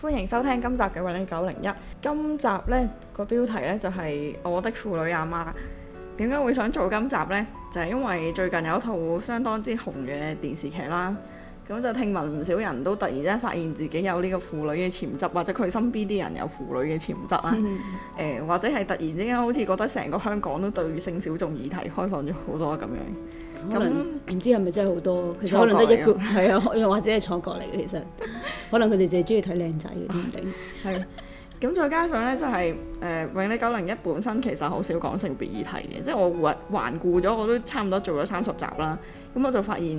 歡迎收聽今集嘅《永利九零一》，今集呢個標題呢、就是，就係我的腐女阿媽。點解會想做今集呢？就係、是、因為最近有一套相當之紅嘅電視劇啦。咁就聽聞唔少人都突然之間發現自己有呢個腐女嘅潛質，或者佢身邊啲人有腐女嘅潛質啊。誒、 呃，或者係突然之間好似覺得成個香港都對性小眾議題開放咗好多咁樣。可能唔知係咪真係好多，其可能得一個，係啊，又或者係坐過嚟嘅。其實可能佢哋就係中意睇靚仔嘅，定定？ 係啦。咁 再加上咧、就是，就係誒《永利九零一》本身其實好少講性別議題嘅，即係我還還顧咗，我都差唔多做咗三十集啦。咁我就發現，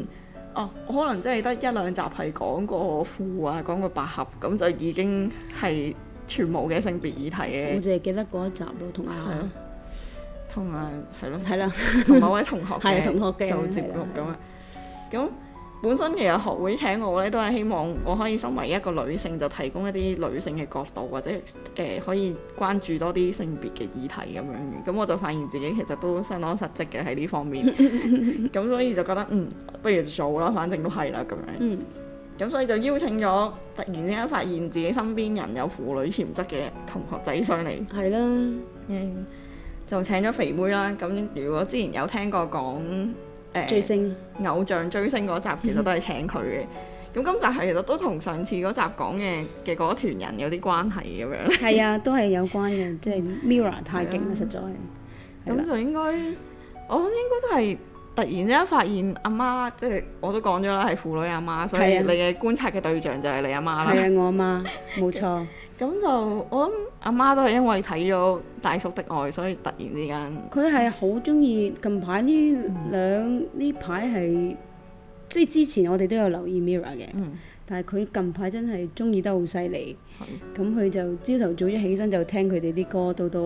哦、啊，可能真係得一兩集係講過褲啊，講過百合，咁就已經係全部嘅性別議題嘅。 我淨係記得嗰一集咯，同埋。同埋係咯，同某 位同學嘅 做節目咁啊。咁 對本身其實學會請我咧，都係希望我可以身為一個女性，就提供一啲女性嘅角度，或者誒、呃、可以關注多啲性別嘅議題咁樣。咁我就發現自己其實都相當失職嘅喺呢方面。咁 所以就覺得嗯，不如做啦，反正都係啦咁樣。咁、 嗯、所以就邀請咗突然之間發現自己身邊人有腐女潛質嘅同學仔上嚟。係啦，誒、yeah.。就請咗肥妹啦，咁如果之前有聽過講、呃、追星偶像追星嗰集，其實都係請佢嘅，咁、嗯、今集係其實都同上次嗰集講嘅嘅嗰團人有啲關係咁樣咧。係 啊，都係有關嘅，即、就、係、是、Mirror 太勁啦，啊、實在。咁、啊、就應該， 我諗應該都係。突然之間發現阿媽，媽，即係我都講咗啦，係腐女阿媽，媽，所以你嘅觀察嘅對象就係你阿媽啦。係 啊，我阿媽，冇錯。咁 就我諗阿媽都係因為睇咗《大叔的愛》，所以突然之間。佢係好中意近排呢兩呢排係，即係之前我哋都有留意 Mirror 嘅。嗯但佢近排真係中意得好犀利，咁佢就朝頭早一起身就聽佢哋啲歌，到到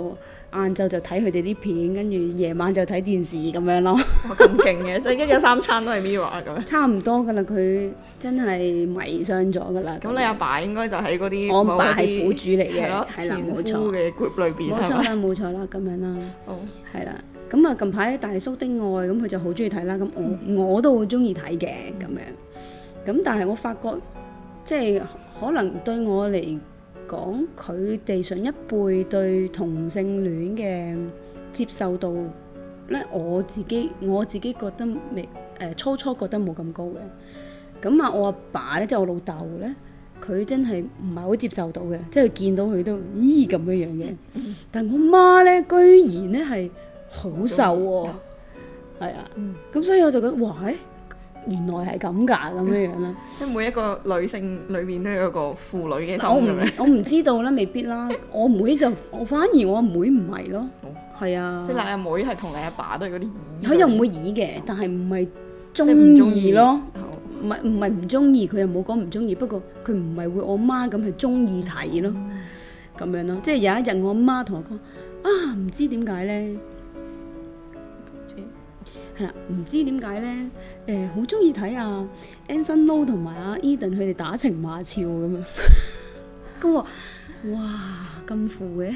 晏晝就睇佢哋啲片，跟住夜晚就睇電視咁樣咯。哦，咁勁嘅，即係一日三餐都係 Miu 差唔多噶啦，佢真係迷上咗噶啦。咁你阿爸應該就喺嗰啲？我阿爸係苦主嚟嘅，係啦，冇錯。嘅 group 裏邊，冇錯啦，冇錯啦，咁樣啦。哦，係啦，咁啊近排《大叔的愛》咁佢就好中意睇啦，咁我我都好中意睇嘅咁樣。咁但係我發覺，即係可能對我嚟講，佢哋上一輩對同性戀嘅接受度咧，我自己我自己覺得未誒、呃，初初覺得冇咁高嘅。咁啊，我阿爸咧，即係我老豆咧，佢真係唔係好接受到嘅，即係見到佢都咦咁樣樣嘅。但我媽咧，居然咧係好受喎、哦，係、嗯、啊，咁、嗯、所以我就覺得哇原來係咁㗎，咁、嗯、樣樣啦。即係每一個女性裏面都有個腐女嘅心。咁我唔不， 我唔知道啦，未必啦。我妹就，我反而我阿妹唔係咯，係、哦、啊。即係你阿妹係同你阿爸都係嗰啲。佢又唔會厭嘅，但係唔係中意咯。唔係唔係唔中意，佢咯又冇講唔中意，不過佢唔係會我媽咁係中意睇咯，咁樣咯。嗯、即係有一日我媽同我講，啊唔知點解咧。係啦，唔知點解咧？誒、呃，好中意睇啊 Anson、啊、Lo 同埋阿 Edan 佢哋打情罵俏咁樣，咁 話哇咁富嘅，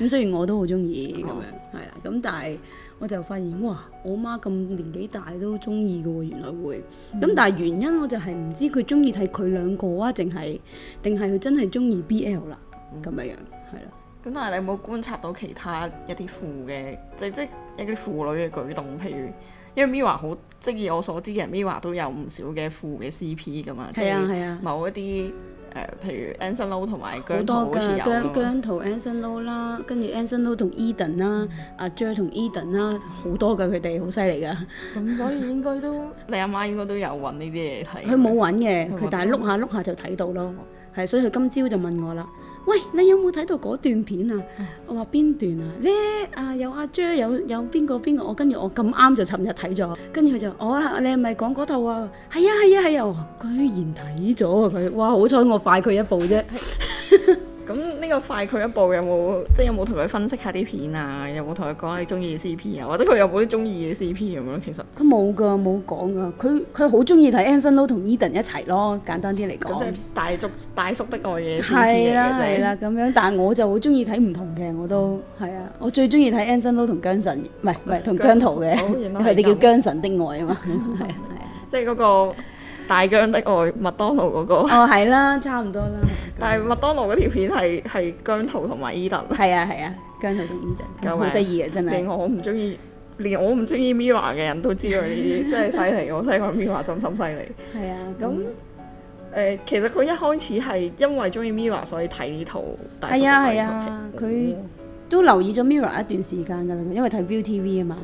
咁 雖然我都好中意咁樣，係啦、哦，咁但係我就發現哇，我媽咁年紀大都中意嘅喎，原來會，咁、嗯、但係原因我就係唔知佢中意睇佢兩個啊，定係定係佢真係中意 B L 啦咁嘅樣，係啦。咁但係你有冇觀察到其他一啲腐嘅，即即一啲腐女嘅舉動，譬如因為 Mirror 好，即以我所知嘅 Mirror 都有唔少嘅腐嘅 CP 㗎嘛，即某一啲誒，譬如 Anson Lo 同埋姜濤好似有㗎嘛。好多㗎，姜、姜濤 Anson Lo 啦，跟住 Anson Lo 同 Edan 啦，阿 Jer 同 Edan 啦，好多㗎佢哋，好犀利㗎。咁所以應該都你阿媽應該都有搵呢啲嘢睇。佢冇搵嘅，佢但係碌下碌下就睇到咯，係，所以佢今朝就問我啦。喂，你有冇睇到嗰段片啊？唉我話邊段啊？咧啊，有阿 Jer, 有有邊個邊個？我跟住我咁啱就尋日睇咗，跟住佢就哦，你係咪講嗰套啊？係啊係啊係啊，啊，居然睇咗啊佢，哇好彩我快佢一步啫。是 咁呢、嗯這個快佢一步有冇即係有冇同佢分析下啲片啊？有冇同佢講你中意嘅 CP 啊？或者佢有冇啲中意嘅 CP 咁、啊、樣其實佢冇㗎，冇講㗎。佢佢好中意睇 Anson Lo 同 Edan 一齊咯，簡單啲嚟講即係大叔大叔的愛嘅 CP 係啦係啦咁樣，但係我就好中意睇唔同嘅，我都係、嗯、啊。我最中意睇 Anson Lo 同姜神唔係唔係同姜濤嘅，佢哋叫姜神的愛啊嘛，係啊，即係嗰個。大叔的愛，麥當勞嗰、那個。哦，係啦，差唔多啦。 但係麥當勞嗰條片係係姜濤同埋 Edan。係 啊係啊，姜濤同 Edan。好得意啊，真係。連我唔中意，連我唔中意 Mirror 嘅人都知道呢啲， 真係犀利。 我睇過 Mirror 真心犀利。係啊，咁誒、嗯，其實佢一開始係因為中意 Mirror 所以睇呢套大叔。係啊係啊，佢、啊、都留意咗 Mirror 一段時間㗎啦，因為睇 ViuTV 啊嘛。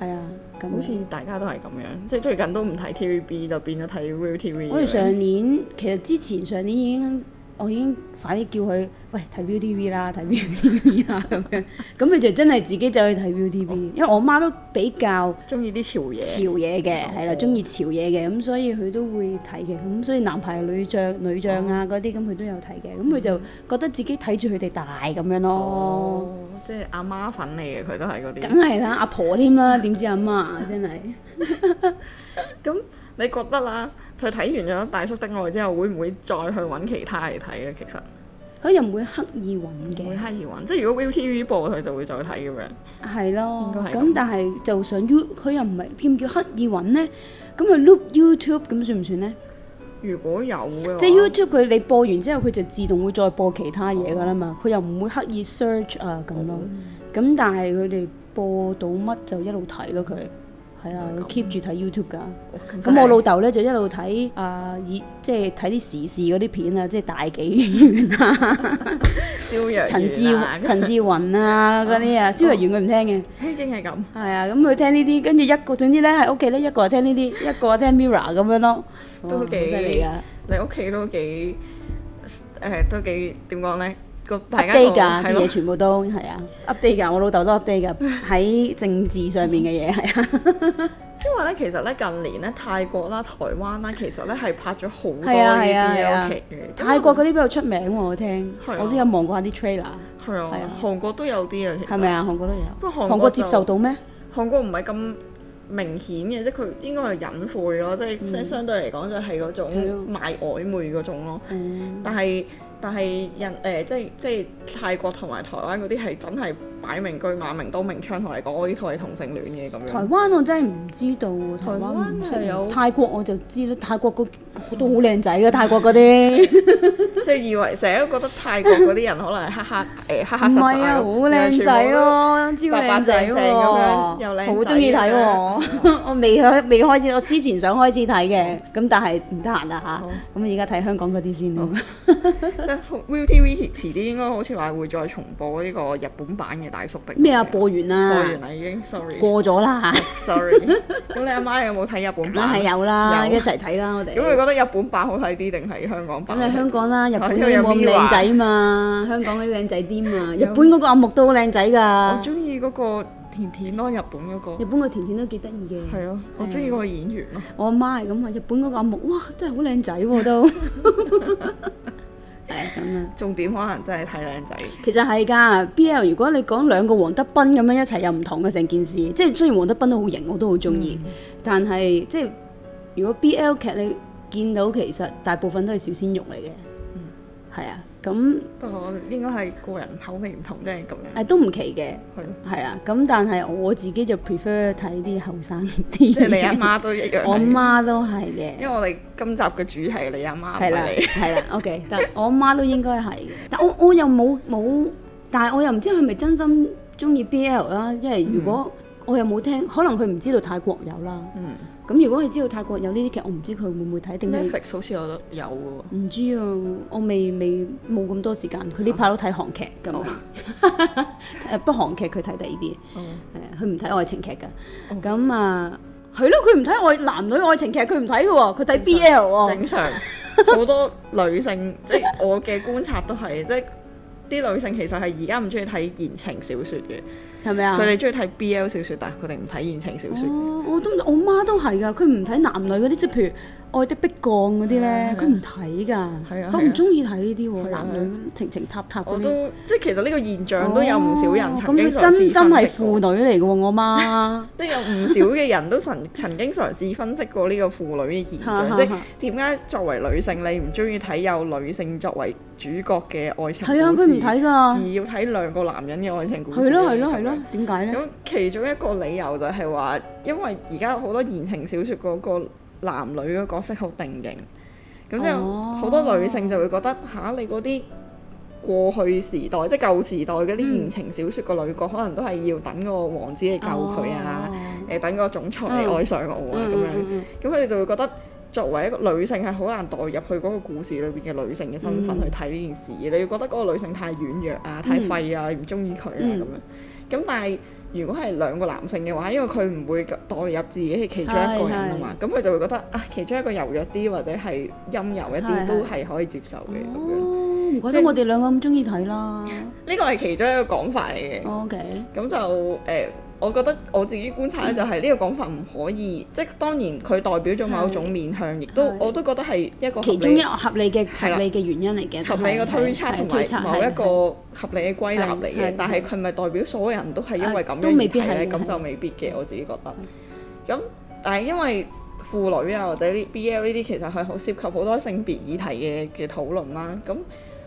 係啊。嗯好似像 大家都係咁樣，即係最近都唔睇 TVB 就變咗睇 ViuTV。我哋上年其實之前上年已經。我已經快啲叫佢喂，睇 ViuTV 啦，睇 ViuTV 啦咁樣，咁 佢就真係自己走去睇 ViuTV，哦。因為我媽都比較中意啲潮嘢，潮嘢嘅係啦，中意、哦、潮嘢嘅咁，所以佢都會睇嘅。咁所以男排女將女將啊嗰啲咁佢都有睇嘅。咁佢、嗯、就覺得自己睇住佢哋大咁樣咯，哦、即係阿媽，媽粉嚟嘅佢都係嗰啲。梗係啦，阿婆添啦，點知阿媽，媽真係咁。 你覺得啦，佢睇完咗《大叔的愛》之後，會唔會再去揾其他嚟睇咧？其實佢又唔會刻意揾嘅，唔會刻意揾。即係如果 Viu TV 播，佢就會再睇咁咯樣。係咯，咁但係就想，You，佢又唔係點叫刻意揾咧？咁佢 loop YouTube，咁算唔算咧？如果有嘅，即係 YouTube，佢你播完之後，佢就自動會再播其他嘢噶啦嘛。佢、哦、又唔會刻意 search 啊咁咯。咁、嗯、但係佢哋播到乜就一路睇咯佢。係啊，keep 住睇 YouTube 㗎。咁、嗯、我老豆咧就一路睇啊，以即係睇啲時事嗰啲片啊，即係大紀元啊，陳志陳志雲啊嗰啲啊，蕭若元佢唔聽嘅。聽經係咁。係啊，咁佢聽呢啲，跟住一個總之咧喺屋企咧一個聽呢啲， 一個聽 Mirror 咁樣咯。都幾犀利㗎，你屋企都幾誒，都幾點講咧？update 㗎啲嘢全部都係啊，update 㗎，我老豆都 update 㗎，喺政治上面嘅嘢係啊。因為咧，其實咧近年咧泰國啦、台灣啦，其實咧係拍咗好多呢啲嘢劇嘅。泰國嗰啲比較出名喎，我聽，我都有望過下啲 trailer。係啊，韓國都有啲啊，其實。係咪啊？韓國都有。不過韓國接受到咩？韓國唔係咁明顯嘅，即佢應該係隱晦咯，即係相對嚟講就係嗰種賣曖昧嗰種咯。但係。但係人誒、呃，即係即係泰國同埋台灣嗰啲係真係。擺名句馬明都明槍，同你講我呢套係同性戀嘅咁樣。台灣我真係唔知道，台灣唔有，泰國我就知道泰國都好多靚仔嘅，泰國嗰啲。即係以為成日都覺得泰國嗰啲人可能係黑黑誒黑黑實實咁樣。唔係啊，好靚仔咯，超靚仔咁樣，好中意睇喎。我未開未開始，我之前想開始睇嘅，咁但係唔得閒啦吓，咁而家睇香港嗰啲先咯。ViuTV 晚遲啲應該好似話會再重播呢個日本版嘅。咩啊？播完啦，播完啦已經，sorry，過咗啦，吓，sorry。咁 你阿媽，媽有冇睇日本版？梗係有啦，有啦一齊睇啦我哋。咁你覺得日本版好睇啲定係香港版？咁你香港啦，日本都啲冇咁靚仔嘛， 香港啲靚仔啲嘛。日本嗰個阿木都好靚仔㗎。我中意嗰個甜甜咯，日本嗰個。日本個甜甜都幾得意嘅。係咯，我中意嗰個演員咯。我阿媽係咁話，日本嗰個阿木，哇，真係好靚仔喎、啊、都。 係咁啊，哎、重點可能真係太靚仔。其實係㗎，B L 如果你講兩個黃德斌咁樣一齊又唔同嘅成件事，即係雖然黃德斌都好型，我都好鍾意，嗯、但係即係如果 B L 劇你見到其實大部分都係小鮮肉嚟嘅，係啊、嗯。咁不過應該係個人口味唔同啫，咁樣都唔奇嘅，係咯，係啊，咁是但係我自己就 prefer 睇啲後生啲，即係你阿媽，媽都一樣， 我媽都係嘅，因為我哋今集嘅主題你阿媽嚟，係啦，OK， 但我阿媽都應該係， 但我我又冇冇，但係我又唔知佢係咪真心中意 BL 啦，即係如果、嗯。我又冇聽，可能佢唔知道泰國有啦。嗯。咁如果佢知道泰國有呢啲劇，我唔知佢會唔會睇定係。Netflix 好似有得有。唔知啊，我未未冇咁多時間。佢呢排都睇韓劇㗎喎。不韓劇佢睇第二啲。哦。誒、嗯，佢唔睇愛情劇㗎。咁、嗯、啊，係咯，佢唔睇愛男女愛情劇，佢唔睇嘅喎，佢睇 BL 喎。正常。好多女性， 即係我嘅觀察都係，即係啲女性其實係而家唔中意睇言情小説嘅。係咪啊？佢哋中意睇 BL 小說，但係佢哋唔睇言情小說。oh, 我。我都我媽都係噶，佢唔睇男女嗰啲，即係譬如。愛的迫降嗰啲咧，佢唔睇㗎，佢唔中意睇呢啲，男女情情塔塔嗰啲。我都即係其實呢個現象都有唔少人曾經、哦、真心係腐女嚟㗎喎，我媽都 有唔少嘅人都曾曾經嘗試分析過呢個腐女嘅現象， 即係點解作為女性你唔中意睇有女性作為主角嘅愛情故事， 而要睇兩個男人嘅愛情故事咧？係囉，係囉，係囉。點解咧？咁其中一個理由就係話，因為而家好多言情小説、嗰個。男女嘅角色好定型，咁之、oh. 後好多女性就會覺得嚇、oh. 你嗰啲過去時代、oh. 即係舊時代嗰啲言情小説，個女角可能都係要等個王子嚟救佢啊，誒、oh. 呃、等個總裁嚟愛上我啊咁、oh. 樣，咁佢哋就會覺得。作為一個女性係好難代入去嗰個故事裏邊嘅女性嘅身份、嗯、去睇呢件事，你要覺得嗰個女性太軟弱啊、太廢啊，嗯、你唔中意佢啊咁、嗯、樣。咁但係如果係兩個男性嘅話，因為佢唔會代入自己係其中一個人啊嘛，咁佢是就會覺得啊，其中一個柔弱啲或者係陰柔一啲是都係可以接受嘅咁、哦、樣。哦，唔怪得我哋兩個咁中意睇啦？呢個係其中一個講法嚟嘅。O Okay . K。咁就誒。我覺得我自己觀察咧，就係呢個講法唔可以，即係當然佢代表咗某種面向，亦是都我都覺得係一個其中一個合理嘅合理嘅原因嚟嘅，合理嘅推測同埋某一個合理嘅歸納嚟嘅。但係佢咪代表所有人都係因為咁樣、啊、未必議題咧？咁就未必嘅，我自己覺得。咁但係因為腐女啊或者呢 BL 呢啲其實係好涉及好多性別議題嘅嘅討論啦、啊。咁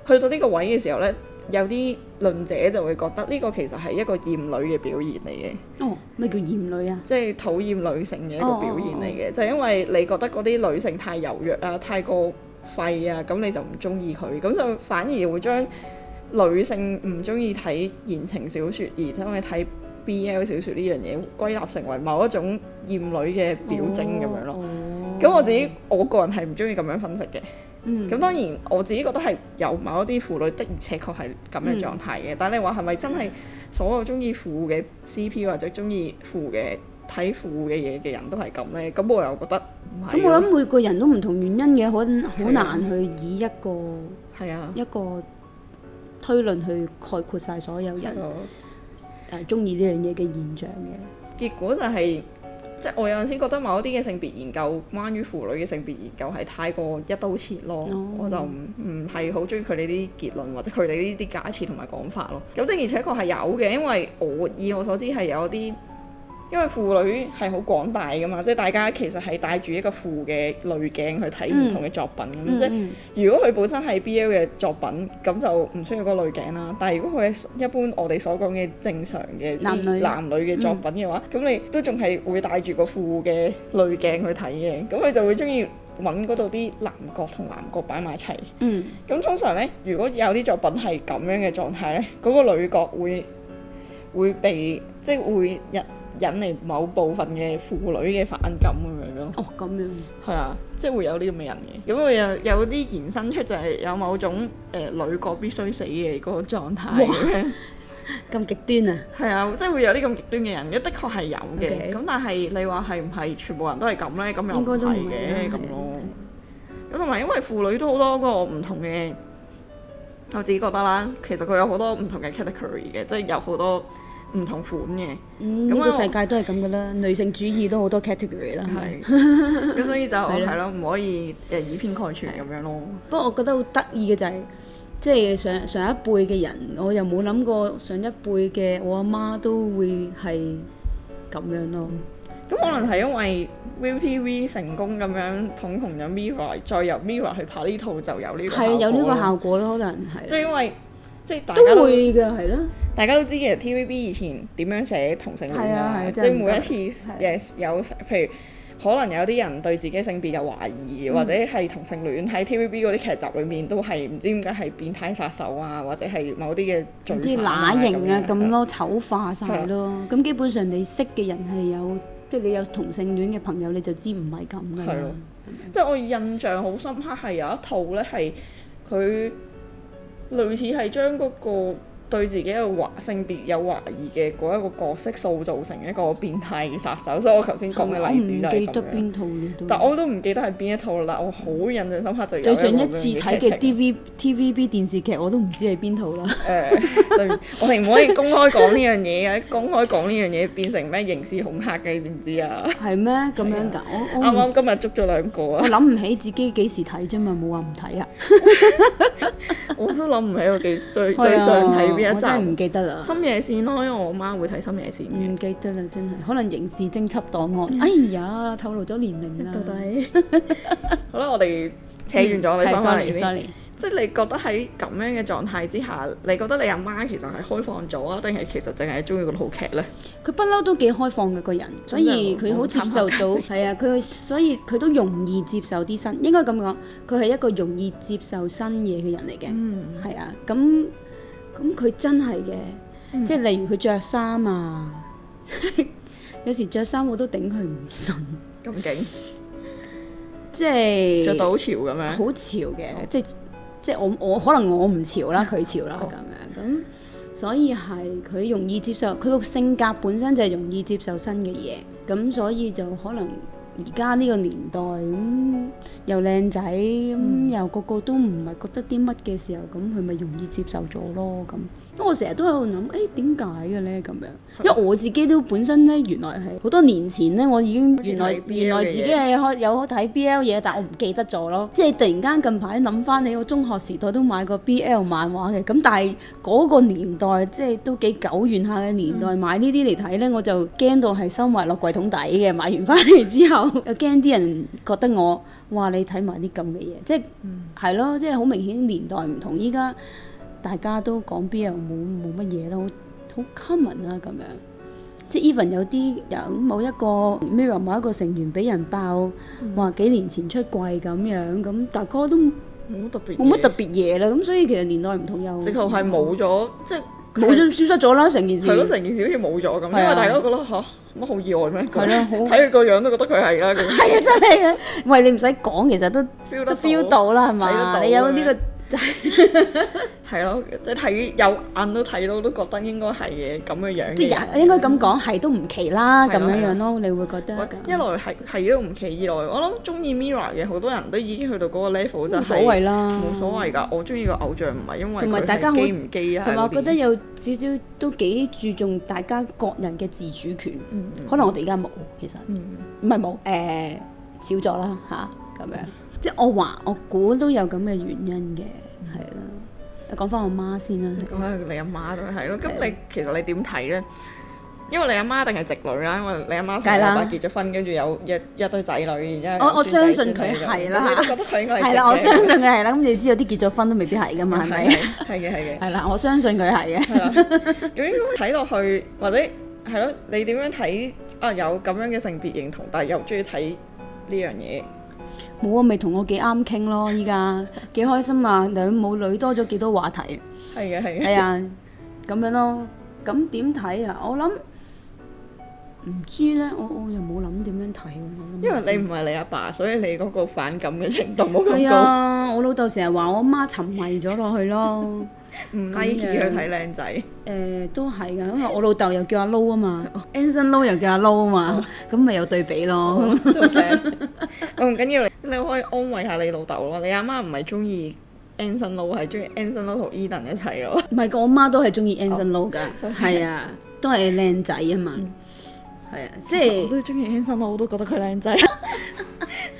去到呢個位嘅時候咧。有啲論者就會覺得呢個其實係一個厭女嘅表現嚟嘅。哦，咩叫厭女啊？即係討厭女性嘅一個表現嚟嘅，哦哦哦哦就因為你覺得嗰啲女性太柔弱啊，太過廢啊，咁你就唔中意佢，咁就反而會將女性唔中意睇言情小説，而且因為睇 BL 小説呢樣嘢，歸納成為某一種厭女嘅表徵咁樣咯。哦。咁我自己，我個人係唔中意咁樣分析嘅。咁、嗯、當然，我自己覺得係有某一啲腐女，的、的而且確係咁嘅狀態嘅。但係你話係咪真係所有中意腐嘅 CP 或者中意腐嘅睇腐嘅嘢嘅人都係咁咧？咁我又覺得唔係。咁我諗每個人都唔同原因嘅，可好難去以一個係啊的一個推論去概括晒所有人誒中意呢樣嘢嘅現象嘅。結果就係、是。即係我有陣時覺得某一啲嘅性別研究，關於腐女嘅性別研究係太過一刀切咯，No. 我就唔唔係好中意佢哋啲結論或者佢哋呢啲假設同埋講法咯。咁正而且確係有嘅，因為我以我所知係有啲。因為腐女係好廣大嘅嘛，即係大家其實係帶住一個腐嘅濾鏡去睇唔同嘅作品咁，即係如果佢本身係 BL 嘅作品，咁、嗯、即就唔需要嗰個濾鏡啦。但係如果佢係一般我哋所講嘅正常嘅男女嘅作品嘅話，咁你都仲係會帶住個腐嘅濾鏡去睇嘅，咁佢就會中意揾嗰度啲男角同男角擺埋一齊。嗯。咁、嗯、通常呢，如果有啲作品係咁樣嘅狀態呢，嗰、那個女角會會被即係會引嚟某部分嘅腐女嘅反感咁樣咯。哦，咁樣。係啊，即係會有呢咁嘅人嘅。咁佢又有啲延伸出就係有某種誒、呃、女角必須死嘅嗰個狀態。咁極哇 端啊！係啊，即係會有啲咁極端嘅人嘅，的確係有嘅。咁 Okay. 但係你話係唔係全部人都係咁咧？咁又唔係嘅咁咯。咁同埋因為腐女都好多個唔同嘅，我自己覺得啦，其實佢有好多唔同嘅 category 嘅，即係有好多。唔同款嘅，咁、嗯、個世界都係咁噶啦，嗯、女性主義都好多 category 啦，係。咁所以就係咯，唔的可以誒以偏概全咁的樣咯。不過我覺得好得意嘅就係、是，即係上上一輩嘅人，我又冇諗過上一輩嘅我阿媽都會係咁樣咯。咁、嗯、可能係因為 ViuTV 成功咁樣捧紅咗 Mirror，再由 Mirror 去拍呢套就有呢個。係啊，有呢個效果咯，果咯可能係。就因為。都會嘅，係咯。大家都知其實 TVB 以前點樣寫同性戀㗎，即係每一次嘢有譬如可能有啲人對自己性別有懷疑或者係同性戀喺 TVB 嗰啲劇集裏面都係唔知點解係變態殺手啊，或者係某啲嘅罪啲乸型啊咁咯，醜化晒咯。咁基本上你識嘅人係有，即係你有同性戀嘅朋友你就知唔係咁嘅。係咯。即係我印象好深刻係有一套咧係佢。類似係將嗰個。對自己一個懷性別有懷疑嘅嗰一個角色塑造成一個變態嘅殺手，所以我頭先講嘅例子就係咁樣。我但我都唔記得係邊一套啦，我好印象深刻就有。對上一次睇嘅 TV TVB 電視劇我都唔知係邊套啦。誒、呃， 我哋唔可以公開講呢樣嘢嘅，公開講呢樣嘢變成咩刑事恐嚇嘅，你知唔知 啊？係咩咁樣㗎？啱啱今日捉咗兩個啊！我諗唔起自己幾時睇啫嘛，冇話唔睇啊！ 我都諗唔起我哋最最想睇我真係唔記得啦。深夜線咯、啊，因為我媽會睇深夜線。唔記得啦，真係。可能刑事偵緝檔案，Yeah. 哎呀，透露咗年齡啦。到底？ 好啦，我哋扯遠咗，嗯、你翻返嚟先。Sorry, sorry. 即係你覺得喺咁樣嘅狀態之下，你覺得你阿媽，媽其實係開放咗，定係其實淨係中意嗰套劇咧？佢不嬲都幾開放嘅個人，所以佢好接受到。係啊，佢所以佢都容易接受啲新，應該咁講。佢係一個容易接受新嘢嘅人嚟嘅。嗯。係啊，咁。咁佢真係嘅，即係例如佢着衫啊，有時着衫我都頂佢唔順，咁勁，即係着到好潮咁樣，好潮嘅，即即我我可能我唔潮啦，佢潮啦咁、哦、樣，咁所以係佢容易接受，佢個性格本身就係容易接受新嘅嘢，咁所以就可能。而家呢個年代咁、嗯、又靚仔咁、嗯、又個個都唔係覺得啲乜嘅時候，咁佢咪容易接受咗咯咁。我成日都喺度諗，誒點解嘅咧咁樣？因為我自己都本身咧，原來係好多年前咧，我已經原來原來自己係開有睇 BL 嘢，但我唔記得咗咯。即係突然間近排諗翻起，我中學時代都買過 BL 漫畫嘅，咁但係嗰個年代即係都幾久遠下嘅年代，嗯、買呢啲嚟睇咧，我就驚到係收埋落櫃桶底嘅。買完翻嚟之後，嗯、 又驚啲人覺得我嘩，你睇埋啲咁嘅嘢，即係係、嗯、咯，即係好明顯年代唔同，依家。大家都講邊又冇冇乜嘢咯，好好 common 啊咁樣，即係 even 有啲有某一個 Mirror 某一個成員俾人爆話、嗯、幾年前出櫃咁樣，咁大家都冇特別冇乜特別嘢啦，咁所以其實年代唔同又直頭係冇咗，即係冇咗消失咗啦，成件事成件事好似冇咗咁，啊、因為大家都覺得嚇乜、啊、好意外咩？係咯、啊，睇佢個樣都覺得佢係啦，係啊真係啊，喂，你唔使講，其實都都 feel 到啦係咪，嗎你有呢個。即係係咯，即係睇有眼都睇到，都覺得應該係嘅咁樣樣。即係 應該咁講，係都唔奇啦，咁 樣 樣咯，你會覺得一來係係都唔奇，二來我諗中意 Mirror 嘅好多人都已經去到嗰個 level 就係冇所謂啦，冇 所謂㗎。我中意個偶像唔係因為家好唔羨。同埋我覺得有少少都幾注重大家個人嘅自主權，嗯嗯、可能我哋而家冇其實，唔係冇誒少咗啦吓，咁樣。即係我話，我估都有咁嘅原因嘅，係啦。講翻我媽先啦。講翻你阿媽都係咯。咁、嗯、你其實你點睇咧？因為你阿媽定係直女啦，因為你阿媽四十八結咗婚，跟住的有一一堆仔女，然之後我我相信佢係啦。你覺得佢應該係。係啦，我相信佢係啦。咁你知有啲結咗婚都未必係噶嘛，係咪的？係嘅，係嘅。係啦，我相信佢係嘅。係啦。 咁睇落去，或者係咯，你點樣睇？啊，有咁樣嘅性別認同，但係又中意睇呢樣嘢。冇啊，咪同我幾啱傾咯，依家 幾開心啊，兩母女多咗幾多話題。係啊，係啊 的，係啊，咁樣咯，咁點睇啊？我諗。唔知咧，我我又冇諗點樣睇。因為你唔係你阿爸，所以你嗰個反感嘅程度冇咁高。係啊，我老豆成日話我阿媽沉迷咗落去咯，唔介意去睇靚仔。誒，都係噶，因為我老豆又叫阿撈啊嘛，a n s o n y Lau 又叫阿撈啊嘛，咁咪有對比咯。唔緊要，你你可以安慰下你老豆咯。你阿媽唔係中意 a n s o n y Lau，係中意 a n s o n y Lau 讀伊頓一齊噶。唔係我媽都係中意 a n s o n y Lau 噶，係啊，都係靚仔啊嘛。係啊，即係我都中意輕生，我都覺得佢靚仔，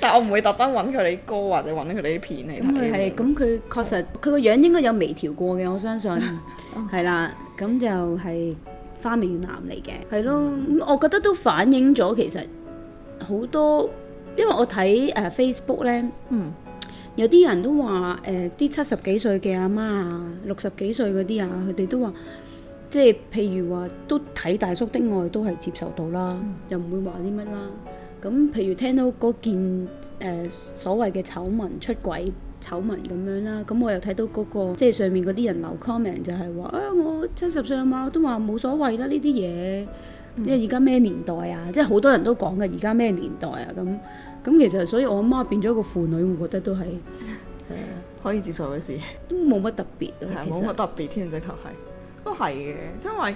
但係我唔會特登揾佢哋歌或者揾佢哋啲片嚟。咁係，咁佢確實佢個好樣應該有微調過嘅，我相信係啦，咁 就係花美男嚟嘅。係咯，咁、嗯、我覺得都反映咗其實好多，因為我睇誒 Facebook 咧，嗯、有啲人都話誒啲七十幾歲嘅阿媽啊，六十幾歲嗰啲啊，佢哋都話。即係譬如話，都睇大叔的愛都係接受到啦，嗯、又唔會話啲乜啦。咁、嗯、譬如聽到嗰件誒、呃、所謂嘅醜聞、出軌醜聞咁樣啦，咁、嗯、我又睇到嗰、那個即係上面嗰啲人留 comment 就係話啊，我七十歲阿媽都話冇所謂啦呢啲嘢，即係而家咩年代啊，嗯、即係好多人都講嘅而家咩年代啊咁。咁、嗯嗯、其實所以我阿媽,媽變咗個腐女，我覺得都係、呃、可以接受嘅事，都冇乜特別, 特別其實冇乜特別添，直頭係。都係嘅，因為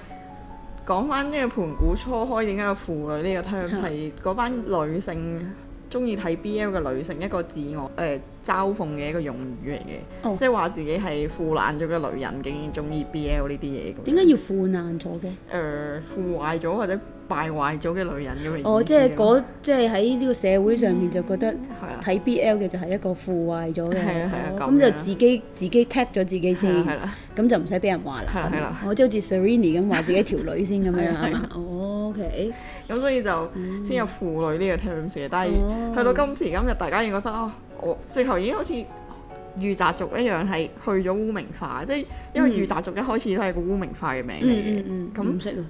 講翻呢個盤古初開，點解個腐女呢個 term 係嗰班女性中意睇 BL 嘅女性一個自我誒、呃、嘲諷嘅一個用語嚟嘅，即係話自己係腐爛咗嘅女人，竟然中意 BL 呢啲嘢。點解要腐爛咗嘅？誒、呃，腐壞咗或者。敗壞咗嘅女人咁樣哦，即係即係喺呢個社會上面就覺得係啊，睇 BL 嘅就係一個腐壞咗嘅，係啊，係啊咁，就自己自己 cap 咗自己先係啦，咁就唔使俾人話啦係啦係啦，我即好似 Serrini 咁話自己條女先咁樣係嘛，OK，咁所以就先有腐女呢個 terms 嘅，但係去到今時今日，大家已經覺得哦，我直頭已經好似御宅族一樣係去咗污名化，即係因為御宅族一開始都係個污名化嘅名嚟嘅，唔識啊。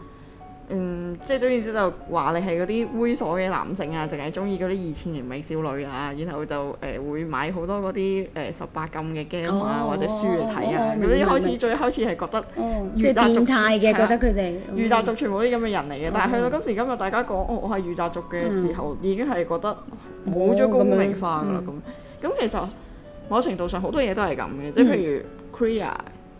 嗯，即係總言之就話你係嗰啲猥瑣嘅男性啊，淨係中意嗰啲二次元美少女啊，然後就誒會買好多嗰啲誒十八禁嘅 game 啊或者書嚟睇啊，咁一開始最開始係覺得即係變態嘅，覺得佢哋御宅族全部啲咁嘅人嚟嘅，但係去到今時今日大家講我我係御宅族嘅時候，已經係覺得冇咗公民化㗎啦咁。咁其實某程度上好多嘢都係咁嘅，即係譬如。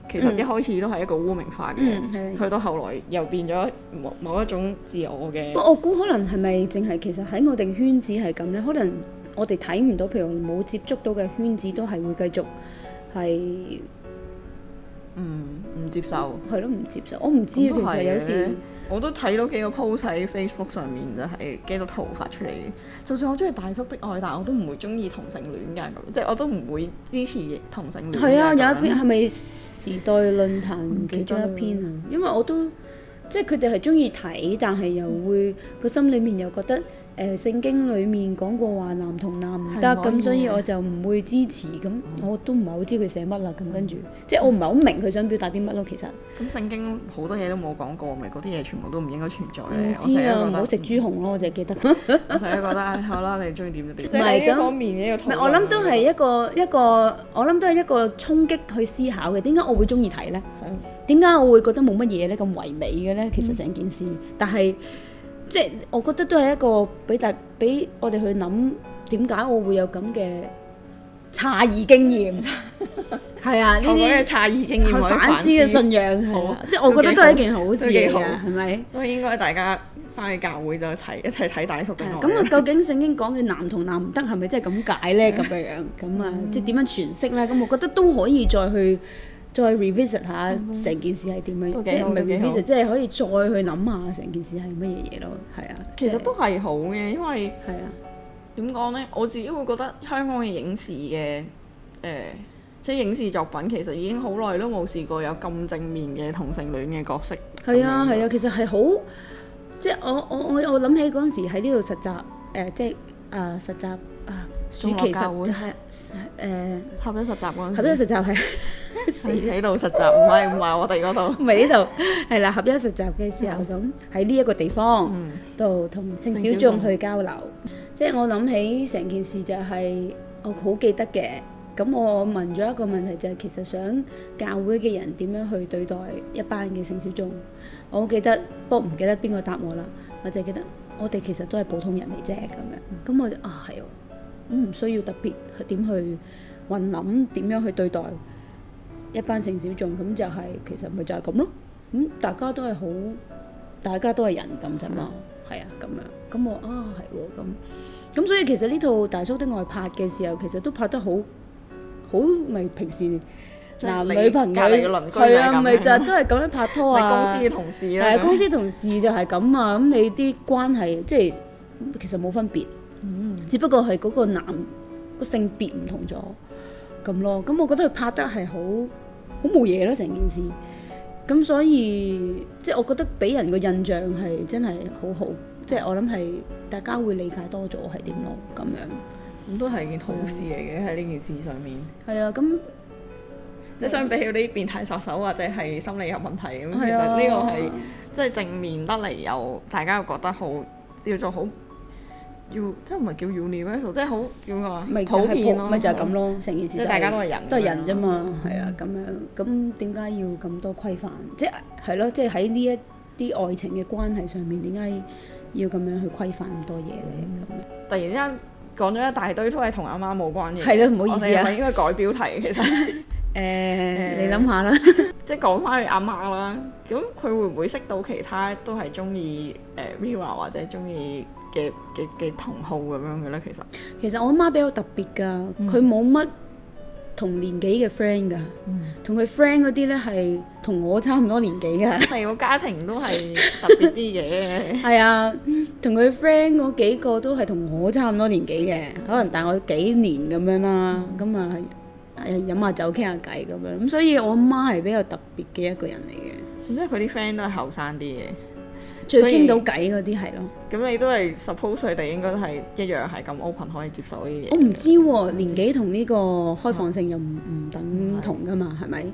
其實一開始都係一個污名化嘅，去、嗯、到後來又變咗某，某一種自我嘅。我估可能係咪淨係其實喺我哋圈子係咁咧？可能我哋睇唔到，譬如冇接觸到嘅圈子都係會繼續係唔唔接受。係咯、嗯，唔接受。我唔知啊，其實有時我都睇到幾個 post 喺 Facebook 上面就係基督徒發出嚟嘅。就算我中意大叔的愛，但我都唔會中意同性戀㗎，即、就、係、是、我都唔會支持同性戀。係啊的，樣有一邊係咪？時代論壇、嗯、其中一篇，嗯、因為我都。即係佢哋係中意睇，但係又會個心裏面又覺得誒聖經裡面講過話男同男唔得，咁所以我就唔會支持，咁我都唔係好知佢寫乜啦，咁跟住即係我唔係好明佢想表達啲乜咯，其實。咁聖經好多嘢都冇講過，咪嗰啲嘢全部都唔應該存在嘅。唔知啊，唔好食豬紅咯，我就記得。我成日覺得，好啦，你中意點就點。唔係咁。唔係，我諗都係一個一個，我諗都係一個衝擊去思考嘅，點解我會中意睇咧？點解我會覺得冇乜嘢咧咁唯美嘅咧？其實成件事，嗯、但係即係我覺得都係一個俾大俾我哋去諗點解我會有咁嘅差異經驗？係啊，呢啲差異經驗 反思嘅信仰對對好，即係我覺得都係一件好事啊，係咪？吧都應該大家翻去教會就睇一齊睇大叔嘅咁啊， 究竟聖經講嘅男同男唔得係咪真係咁解咧？咁樣樣咁啊，即係點樣詮釋咧？咁我覺得都可以再去。再 revisit 下成、嗯、件事係點樣，都幾好，即係唔係 revisit，即係可以再去諗下成件事係乜嘢嘢咯，係啊。其實都係好嘅，因為點講咧，我自己會覺得香港嘅影視嘅誒、呃，即係影視作品其實已經好耐都冇試過有咁正面嘅同性戀嘅角色。係啊係啊，樣啊啊其實係好即係我我我我諗起嗰陣時喺呢度實習誒、呃，即係啊、呃、實習啊暑期實就係誒。後、呃、邊好實習嗰、就、陣、是呃、時。 死喺度實習，唔係唔係我哋嗰度，唔係呢度，係啦，合一實習嘅時候，咁喺呢一個地方度同聖小眾去交流。即係我諗起成件事就係、是，我好記得嘅。咁我問咗一個問題就係、是，其實想教會嘅人點樣去對待一班嘅聖小眾。我好記得，不過唔記得邊個答我啦。我凈係記得，我哋其實都係普通人嚟啫咁樣。咁、嗯嗯、我就，啊係，咁唔、嗯、需要特別點去混諗點樣去對待。一班性小眾咁就係、係，其實咪就係咁咯。咁大家都係好，大家都係人咁啫嘛。係、嗯、啊，咁樣。咁我啊係喎，咁咁、啊、所以其實呢套大叔的愛拍嘅時候，其實都拍得好好，咪平時男女朋友，係啊，咪、啊、就係都係咁樣拍拖啊。公司嘅同事啦、啊、係、啊、公司同事就係咁啊。咁你啲關係即係其實冇分別，嗯、只不過係嗰個男個性別唔同咗。咁咯，咁我覺得佢拍得係好好冇嘢咯，成件事。咁所以即係我覺得俾人個印象係真係好好，即係我諗係大家會理解多咗係點咯，咁樣。咁都係件好事嚟嘅喺呢件事上面。係啊，咁即係相比起嗰啲變態殺手或者係心理有問題咁，嗯、其實呢個係即係正面得嚟又大家又覺得好啲，要做好。要真係唔係叫要臉咩？即係好點講？咪、就是、普遍咯，咪就係咁咯，成件遍遍事、就是、大家都係人都係人啫嘛，係啊、嗯，咁樣咁點解要咁多規範？即係係咯，即係喺呢一啲愛情嘅關係上面，點解要咁樣去規範咁多嘢咧？嗯、突然之間講咗一大堆都媽媽，都係同阿媽冇關嘅。係咯，唔好意思啊，我應該改標題其實。誒、 呃，呃、你諗下啦 ，即係講翻去阿媽啦。咁佢會唔會識到其他都係中意誒 Mira 或者中意？嘅嘅嘅同好咁樣嘅咧，其實其實我媽，媽比較特別㗎，佢冇乜同年紀嘅 friend 㗎，同佢 friend 嗰啲咧係同我差唔多年紀㗎，成個家庭都係特別啲嘅。係 啊，同佢 friend 嗰幾個都係同我差唔多年紀嘅，可能大我幾年咁樣啦，咁啊飲下酒傾下偈咁樣，咁、嗯、所以我媽係比較特別嘅一個人嚟嘅。咁即係佢啲 friend 都係後生啲嘅。最傾到偈嗰啲係咯，咁你都係 suppose 佢哋應該都係一樣係咁 open 可以接受呢啲嘢。我唔知喎，年紀同呢個開放性又唔唔等同噶嘛，係咪？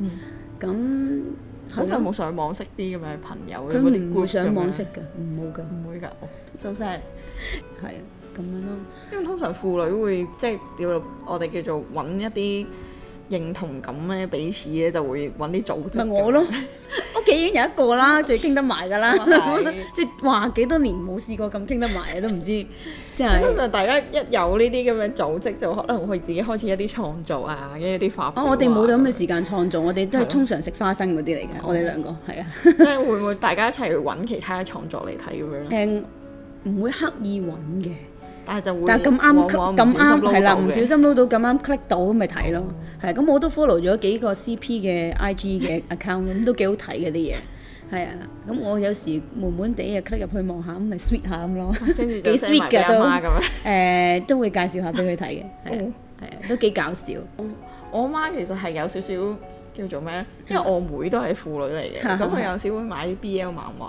咁，好似冇上網識啲咁樣朋友嘅嗰啲，唔會上網識嘅，唔嘅，冇哦，收聲。係啊，咁樣咯。因為通常腐女會即係叫做我哋叫做揾一啲。認同感咧，彼此咧就會揾啲組織。咪我咯，屋企 已經有一個啦，最傾 得埋㗎啦。 即係話幾多年冇試過咁傾得埋啊，都唔知即係。通常大家一有呢啲咁嘅組織，就可能會自己開始一啲創造啊，一啲化、啊、哦，我哋冇咁嘅時間創造，的我哋都係通常食花生嗰啲嚟嘅。哦、我哋兩個係啊。即係 會唔會大家一齊去揾其他創作嚟睇咁樣？誒、嗯，唔會刻意揾嘅。但係就但係咁啱咁啱係啦，唔小心撈到咁啱 click 到咁咪睇咯，係咁我都 follow 咗幾個 CP 嘅 IG 嘅 account，咁都幾好睇嘅啲嘢，係啊，咁我有時悶悶地啊 click 入去望下，咁咪 sweet 下咁咯，幾 sweet 嘅都，誒都會介紹下俾佢睇嘅，係啊，都幾搞笑。我阿媽其實係有少少叫做咩，因為我妹都係腐女嚟嘅，咁佢有時會買啲 BL 漫畫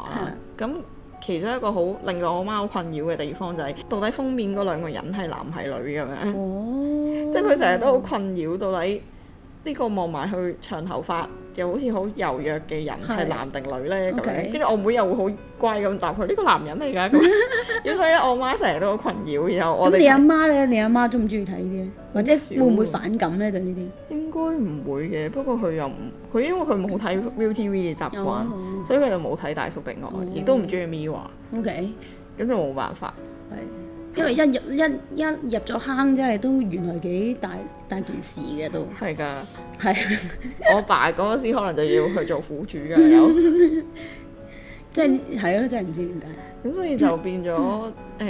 咁。其中一個好令到我媽好困擾嘅地方就係，到底封面嗰兩個人係男係女，咁樣，oh. 即係佢成日都好困擾到底。呢個望埋去長頭髮，又好似好柔弱嘅人，係男定女咧？咁跟住我妹又會好乖咁答佢：呢 個男人嚟㗎。 所以咧，我媽成日都好困擾。然後我哋：你媽媽「你阿媽咧？你阿媽中唔中意睇呢啲？或者會唔會反感咧？對呢啲應該唔會嘅。不過佢又唔，佢因為佢冇睇 Viu TV 嘅習慣，哦、所以佢就冇睇《大叔的愛》哦，亦都唔中意 Mirror OK，咁就冇辦法。因為一入一一入咗坑，真係都原來幾大大件事嘅都。係㗎的。係。 我爸嗰時可能就要去做苦主㗎有。即係係咯，真係唔知點解。咁所以就變咗誒、 呃，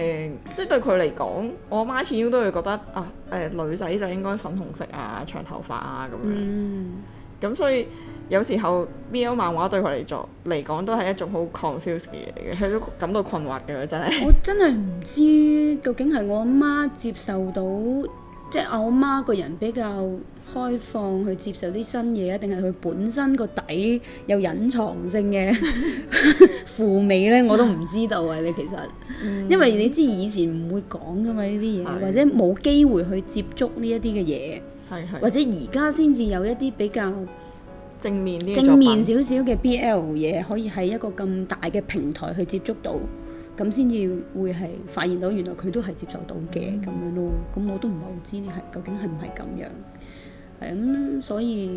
即係對佢嚟講，我媽，媽始終都會覺得啊誒、呃，女仔就應該粉紅色啊，長頭髮啊咁樣。嗯咁所以有時候邊一種漫畫對佢嚟作嚟講都係一種好 confuse 嘅嘢嘅，佢都感到困惑嘅，佢真係。我真係唔知究竟係我阿媽，媽接受到，即係我媽個人比較開放去接受啲新嘢啊，定係佢本身個底有隱藏性嘅腐 美咧，我都唔知道啊！ 你其實，因為你知以前唔會講㗎嘛呢啲嘢，的或者冇機會去接觸呢一啲嘅嘢。或者而家先至有一啲比較正面啲正面少少嘅 BL 嘢，可以喺一個咁大嘅平台去接觸到，咁先至會係發現到原來佢都係接受到嘅咁、嗯、樣咯。咁我都唔係好知你係究竟係唔係咁樣。係、嗯、咁，所以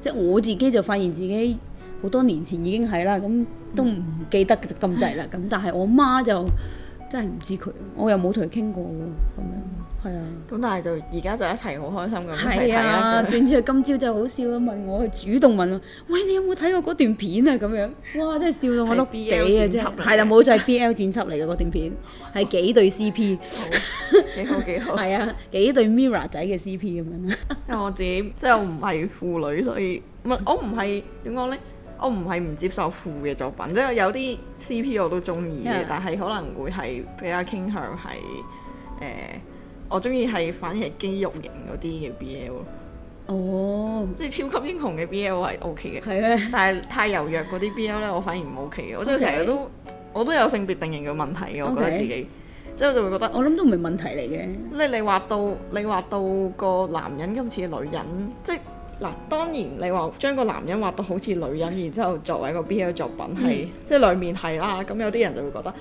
即係我自己就發現自己好多年前已經係啦，咁都唔記得咁滯啦。咁、嗯、但係我媽就。真係唔知佢，我又冇同佢傾過喎，咁樣，係、嗯、啊。咁但係就而家就一齊好開心咁一齊睇。係啊， 轉之佢今朝就好笑咯，問我主動問我，喂，你有冇睇過嗰段片啊？咁樣，哇，真係笑到我碌嘢。 啊！真係，係啦，冇錯係 B L 剪輯嚟嘅嗰段片，係哇幾對 C P，幾 好幾好，係 啊，幾對 Mirror 仔嘅 C P 咁樣。因為 我自己即我唔係腐女，所以唔係我唔係點講咧。我唔係唔接受腐嘅作品，即係有啲 CP 我都中意嘅，Yeah. 但係可能會係比較傾向係誒、呃，我中意係反而係肌肉型嗰啲嘅 BL 哦，oh. 即係超級英雄嘅 BL 係 OK 嘅，嗎但係太柔弱嗰啲 BL 咧，我反而唔 OK 嘅。Okay. 我即係成日都，我都有性別定型嘅問題嘅，我覺得自己，Okay. 即係我就會覺得。我諗都唔係問題嚟嘅。即係你，你畫到你畫到個男人咁似女人，即係。嗱，當然你話將個男人畫到好似女人，的然之後作為一個 BL 作品係，嗯、即係裏面係啦。咁有啲人就會覺得，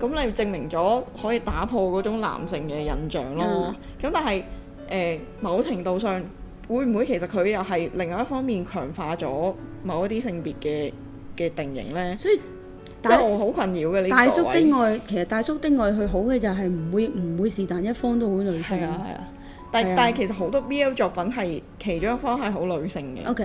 咁你證明咗可以打破嗰種男性嘅印象咯。咁的但係誒、呃，某程度上會唔會其實佢又係另外一方面強化咗某一啲性別嘅嘅定型呢？所以即係我好困擾嘅呢個位。大，大叔的愛其實大叔的愛佢好嘅就係唔會唔會是但一方都好女性。啊係啊。但但係其實好多 BL 作品係其中一方係好女性嘅。O K。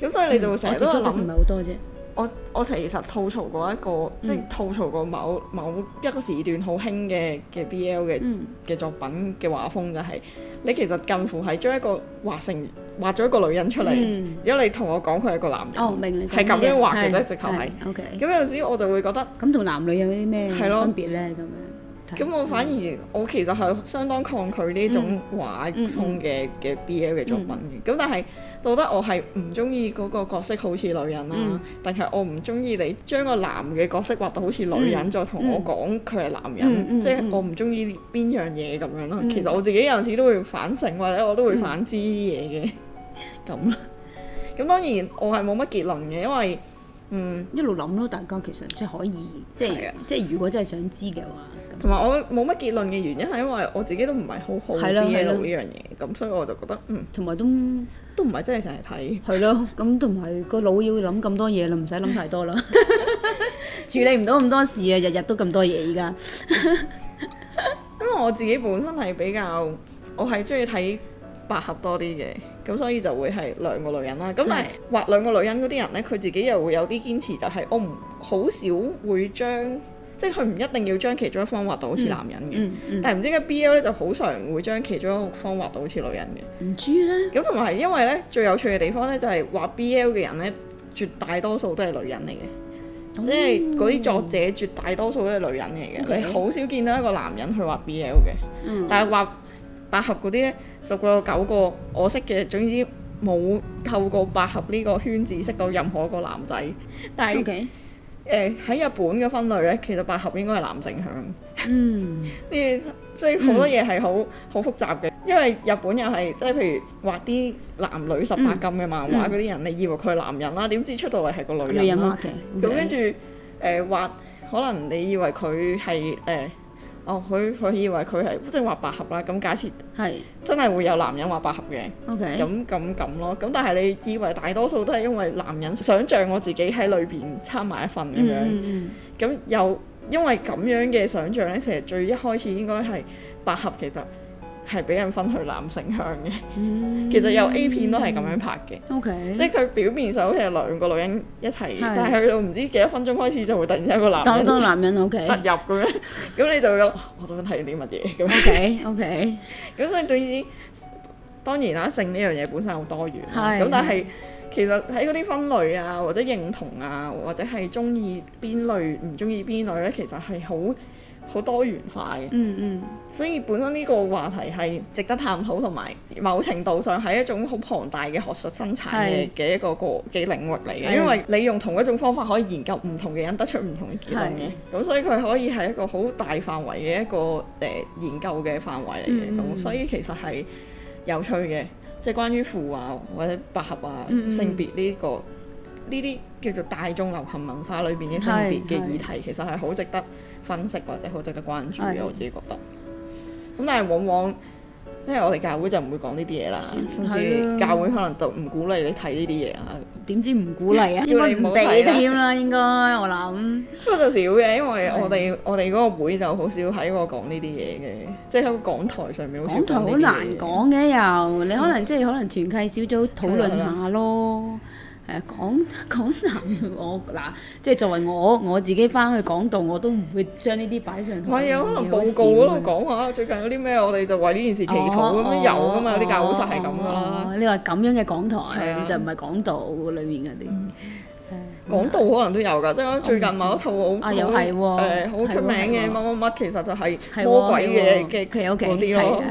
咁所以你就會成日都諗唔係好多啫。我我其實吐槽過一個，嗯、即係吐槽過某某一個時段好興嘅嘅 BL 嘅嘅、嗯、作品嘅畫風就係、是，你其實近乎係將一個畫成畫咗一個女人出嚟，而家、嗯、你同我講佢係一個男人，係咁、哦、樣畫嘅啫，的直頭係。O K。咁有陣時我就會覺得，咁同男女有啲咩分別咧咁樣？咁我反而、嗯、我其實係相當抗拒呢種畫風嘅嘅、嗯、BL 嘅作品嘅。咁、嗯、但係到底我係唔中意嗰個角色好似女人啦、啊，定係、嗯、我唔中意你將個男嘅角色畫到好似女人，嗯、再同我講佢係男人，即係、嗯、我唔中意邊樣嘢咁樣咯。嗯嗯嗯、其實我自己有陣時都會反省，或者我都會反思呢啲嘢嘅咁啦。咁、嗯、 當然我係冇乜結論嘅，因為。嗯，一路諗咯，大家其實即係可以，即係是的即係如果真係想知嘅話，同埋我冇乜結論嘅原因係因為我自己都唔係好好嘅路呢樣嘢，咁所以我就覺得，嗯，同埋都都唔係真係成日睇，係咯。咁同埋個腦要諗咁多嘢啦，唔使諗太多啦， 處理唔到咁多事啊，日日都咁多嘢而家， 因為我自己本身係比較，我係中意睇百合多啲嘅。咁所以就會係兩個女人啦。咁但係畫兩個女人嗰啲人呢，佢自己又會有啲堅持、就係，就係我唔好少會將，即係佢唔一定要將其中一方畫到好似男人嘅。嗯嗯嗯、但係唔知點解 BL 咧就好常會將其中一方畫到好似女人嘅。唔知呢？咁同埋因為呢，最有趣嘅地方呢，就係畫 BL 嘅人呢，絕大多數都係女人嚟嘅，哦、即係嗰啲作者絕大多數都係女人嚟嘅。Okay. 你好少見到一個男人去畫 BL 嘅。嗯、但係畫百合嗰啲呢。十個有九個我識嘅，總之冇透過百合呢個圈子識到任何一個男仔。但係。誒喺 Okay.、呃、日本嘅分類咧，其實百合應該係男性向。 嗯。即係好多嘢係好好複雜嘅，因為日本又係即係譬如畫啲男女十八禁嘅漫畫嗰啲人，嗯、你以為佢係男人啦，點知出到嚟係個女人，咁跟住誒畫，可能你以為佢係誒。呃哦，佢佢以為佢係即係話百合啦，咁假設係真係會有男人畫百合嘅，OK，咁咁咁咯，咁但係你以為大多數都係因為男人想像我自己喺裏邊參埋一份咁樣，咁、嗯、又因為咁樣嘅想像咧，成日最一開始應該係百合其實。係俾人分去男性向嘅。嗯、其實有 A 片、嗯、都係咁樣拍嘅，Okay. 即係佢表面上好似係兩個女人一齊是但係去到唔知幾多分鐘開始就會突然之間一個男人，多多男人、okay。突入咁樣樣，咁你就會諗，我想睇啲乜嘢咁。O K O K，咁所以對於當然啦，性呢樣嘢本身好多元，咁是但係其實喺嗰啲分類啊，或者認同啊，或者係中意邊類唔中意邊類咧，其實係好。好多元化嘅、嗯，嗯嗯，所以本身呢個話題係值得探討，同埋某程度上係一種好龐大嘅學術生產嘅嘅一個個嘅是領域嚟嘅，是因為你用同一種方法可以研究唔同嘅人得出唔同嘅結論嘅，咁是所以佢可以係一個好大範圍嘅一個誒、呃、研究嘅範圍嚟嘅，咁、嗯嗯嗯、所以其實係有趣嘅，即係關於腐話或者百合啊性別呢、這個。嗯嗯嗯。呢啲叫做大眾流行文化裏邊嘅性別嘅議題，其實係好值得分析或者好值得關注嘅，是我自己覺得。咁但係往往，即、就、係、是、我哋教會就唔會講呢啲嘢啦，甚至教會可能就唔鼓勵你睇呢啲嘢啊。點知唔鼓勵啊？叫 你唔睇。唔畀添啦，應該我諗。不過 就少嘅，因為我哋的我哋嗰個會就好少喺個講呢啲嘢嘅，即係喺個講台上面好少講。講台好難講嘅又， 你可能即係、就是、可能團契小組討論下咯。誒講講我嗱，即係作為我我自己翻去講道，我都唔會將呢啲擺上台。係啊，可能報告嗰度講下最近嗰啲咩，我哋就為呢件事祈禱咁樣有噶嘛，有啲教會室係咁噶啦。你話咁樣嘅講台就唔係講道裏面嗰啲，講道可能都有㗎。即係最近某一套好誒好出名嘅乜乜乜，其實就係魔鬼嘅嘅嗰啲咯。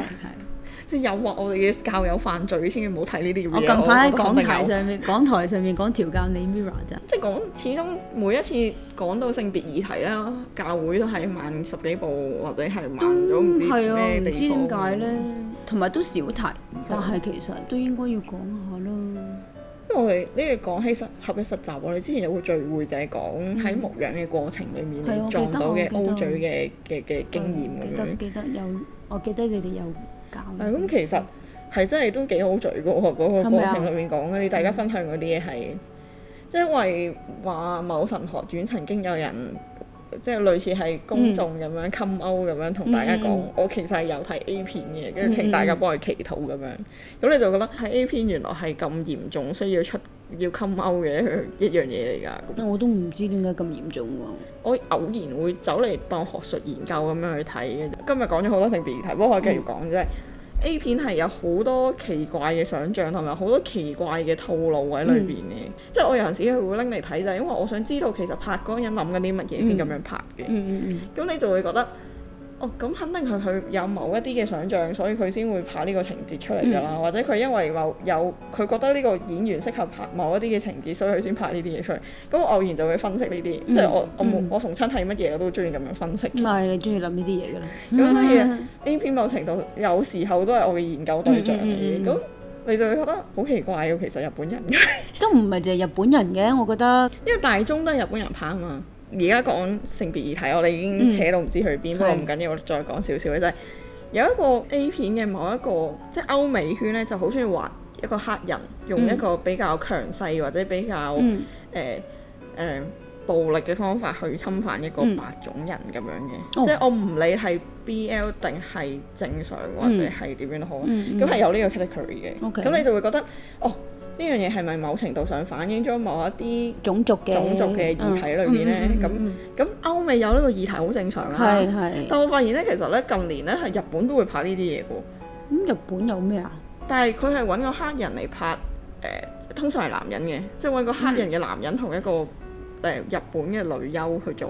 即係誘惑我哋嘅教友犯罪，先至唔好睇呢啲咁嘢。我近排喺講台上面，講台上面講調教你 Mirror 啫，即係講始終每一次講到性別議題啦，教會都係慢十幾步或者係慢咗唔知係、嗯、啊，唔知點解咧，同埋、嗯、都少提，好但係其實都應該要講下啦。因為我哋呢個講起實合一實習，我哋之前有個聚會就係講喺牧養嘅過程裏面、嗯、撞到嘅 O 嘴嘅嘅嘅經驗，咁記得記得有，我記得你哋有。係，咁、嗯嗯、其實係、嗯、真係都幾好聚嘅喎，嗰、嗰個過程裏面講嗰啲大家分享嗰啲嘢係，即係因為話某神學院曾經有人。即係類似係公眾咁樣襟歐咁樣同大家講、mm.，我其實係有睇 A 片嘅，跟住請大家幫佢祈禱咁樣。咁你就覺得睇 A 片原來係咁嚴重，需要出要襟歐嘅一樣嘢嚟㗎。但我都唔知點解咁嚴重喎、啊。我偶然會走嚟當學術研究咁樣去睇嘅。今日講咗好多性別議題，不過我繼續講啫。A 片係有好多奇怪嘅想象，同埋好多奇怪嘅套路喺裏邊嘅，嗯、即係我有陣時佢會拎嚟睇就係、是、因為我想知道其實拍嗰個人諗緊啲乜嘢先咁樣拍嘅，咁、嗯嗯、 你就會覺得。哦，咁肯定係佢有某一啲嘅想像，所以佢先會拍呢個情節出嚟㗎啦。或者佢因為有有佢覺得呢個演員適合拍某一啲嘅情節，所以佢先拍呢啲嘢出嚟。咁我偶然就會分析呢啲，即係我我我逢親睇乜嘢我都中意咁樣分析。唔係你中意諗呢啲嘢㗎啦。咁所以 A 片某程度有時候都係我嘅研究對象嚟嘅。咁你就會覺得好奇怪㗎，其實日本人都唔係就係日本人嘅，我覺得。因為大眾都係日本人拍啊嘛。而家講性別議題，我哋已經扯到唔知去邊，嗯、我不過唔緊要，是我再講少少咧，就係、是、有一個 A 片嘅某一個，即係歐美圈咧，就好中意畫一個黑人用一個比較強勢或者比較誒誒、嗯呃呃、暴力嘅方法去侵犯一個白種人咁樣嘅，嗯、即係我唔理係 BL 定係正常、嗯、或者係點樣都好，咁係、嗯嗯、有呢個 category 嘅，咁 okay. 你就會覺得哦。呢樣嘢係咪某程度上反映咗某一啲種族嘅種族嘅議題裏面咧？咁咁歐美有呢個議題好正常啊，係係。但我發現咧，其實咧近年咧係日本都會拍呢啲嘢嘅喎。咁、嗯、日本有咩啊？但係佢係揾個黑人嚟拍誒、呃，通常係男人嘅，即係揾個黑人嘅男人同一個誒是、呃、日本嘅女優去做。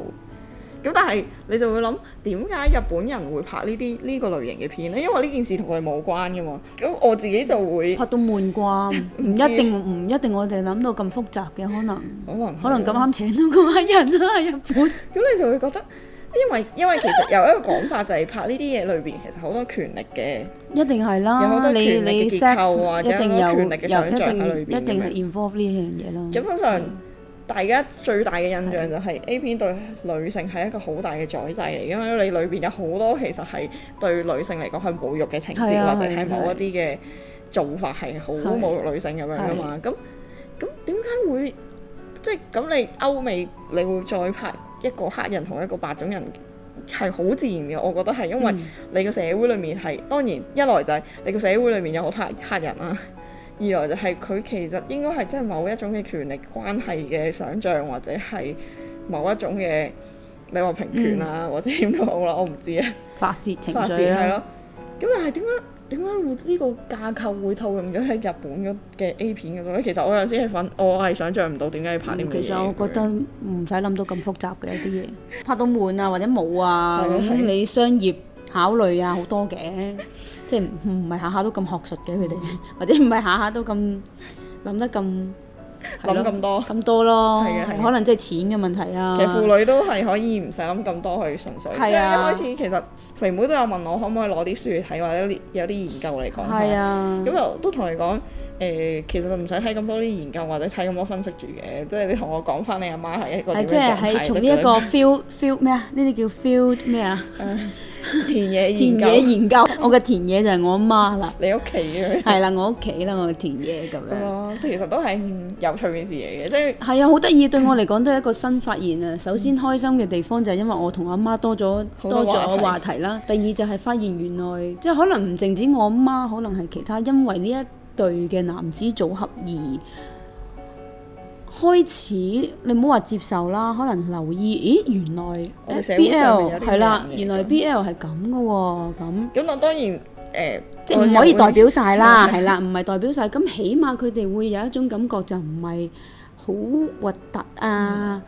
咁但係你就會諗點解日本人會拍呢啲呢個類型嘅片咧？因為呢件事同佢冇關嘅嘛。咁我自己就會拍到悶啩，唔 知道 一定唔、嗯、一定我哋諗到咁複雜嘅可能，可能、啊、可能咁啱請到嗰班人喺、啊、日本。咁 你就會覺得，因為因為其實有一個講法就係拍呢啲嘢裏邊其實好多權力嘅，一定係啦，有好多權力嘅結構，有好多權力嘅想像喺裏邊嘅，一定係 involve 呢樣嘢咯。咁樣就係。大家最大嘅印象就係、是、的 A 片對女性係一個好大嘅宰制嚟，因為你裏邊有好多其實係對女性嚟講係侮辱嘅情節，或者係某一啲嘅做法係好侮辱女性咁樣啊嘛。咁咁點解會即係咁？你歐美你會再拍一個黑人同一個白種人係好自然嘅，我覺得係因為你個社會裏面係、嗯、當然一來就係你個社會裏面有好多黑人啦、啊。二來就係佢其實應該係真係某一種嘅權力關係嘅想像，或者係某一種嘅你話平權啊，嗯、或者點都好啦，我唔知啊。發泄情緒啦。咯呢。咁但係點解點解會呢個架構會套用咗喺日本嘅 A 片嗰度咧？其實我有陣時係粉，我係想象唔到點解要拍呢啲嘅。其實我覺得唔使諗到咁複雜嘅一啲嘢， 拍到悶啊或者冇啊，你商業考慮啊好多嘅。 即係唔唔係下下都咁學術嘅佢哋，或者唔係下下都咁諗得咁諗咁多咁多咯，可能即係錢嘅問題啊。其實腐女都係可以唔使諗咁多去純粹。係啊的。一開始其實肥妹都有問我可唔可以攞啲書睇或者有啲研究嚟講下。係啊的。咁又都同你講誒、呃，其實唔使睇咁多啲研究或者睇咁多分析住嘅，即係你同我講返你阿媽係一個點樣狀態。即係喺呢一個 f e e l f e e l d 咩？呢啲叫 f e e l 咩啊？ 田野研究， 田野研究， 我嘅田野就係我阿媽啦。你屋企啊？係啦，我屋企啦，我嘅田野咁樣。 其實都係有趣嘅事嘢嘅，即係係啊，好得意，對我嚟講都係一個新發現啊。首先開心嘅地方就係因為我同阿媽多咗多咗話題啦。第二就係發現原來即係可能唔淨止我阿媽，可能係其他因為呢一對嘅男子組合而。開始你唔好話接受啦，可能留意，咦，原來 BL 係啦，原來 BL 係咁嘅喎咁。咁我當然誒，呃、即係唔可以代表晒啦，係啦，唔係、啊 啊、代表晒。咁起碼佢哋會有一種感覺，就唔係好核突啊，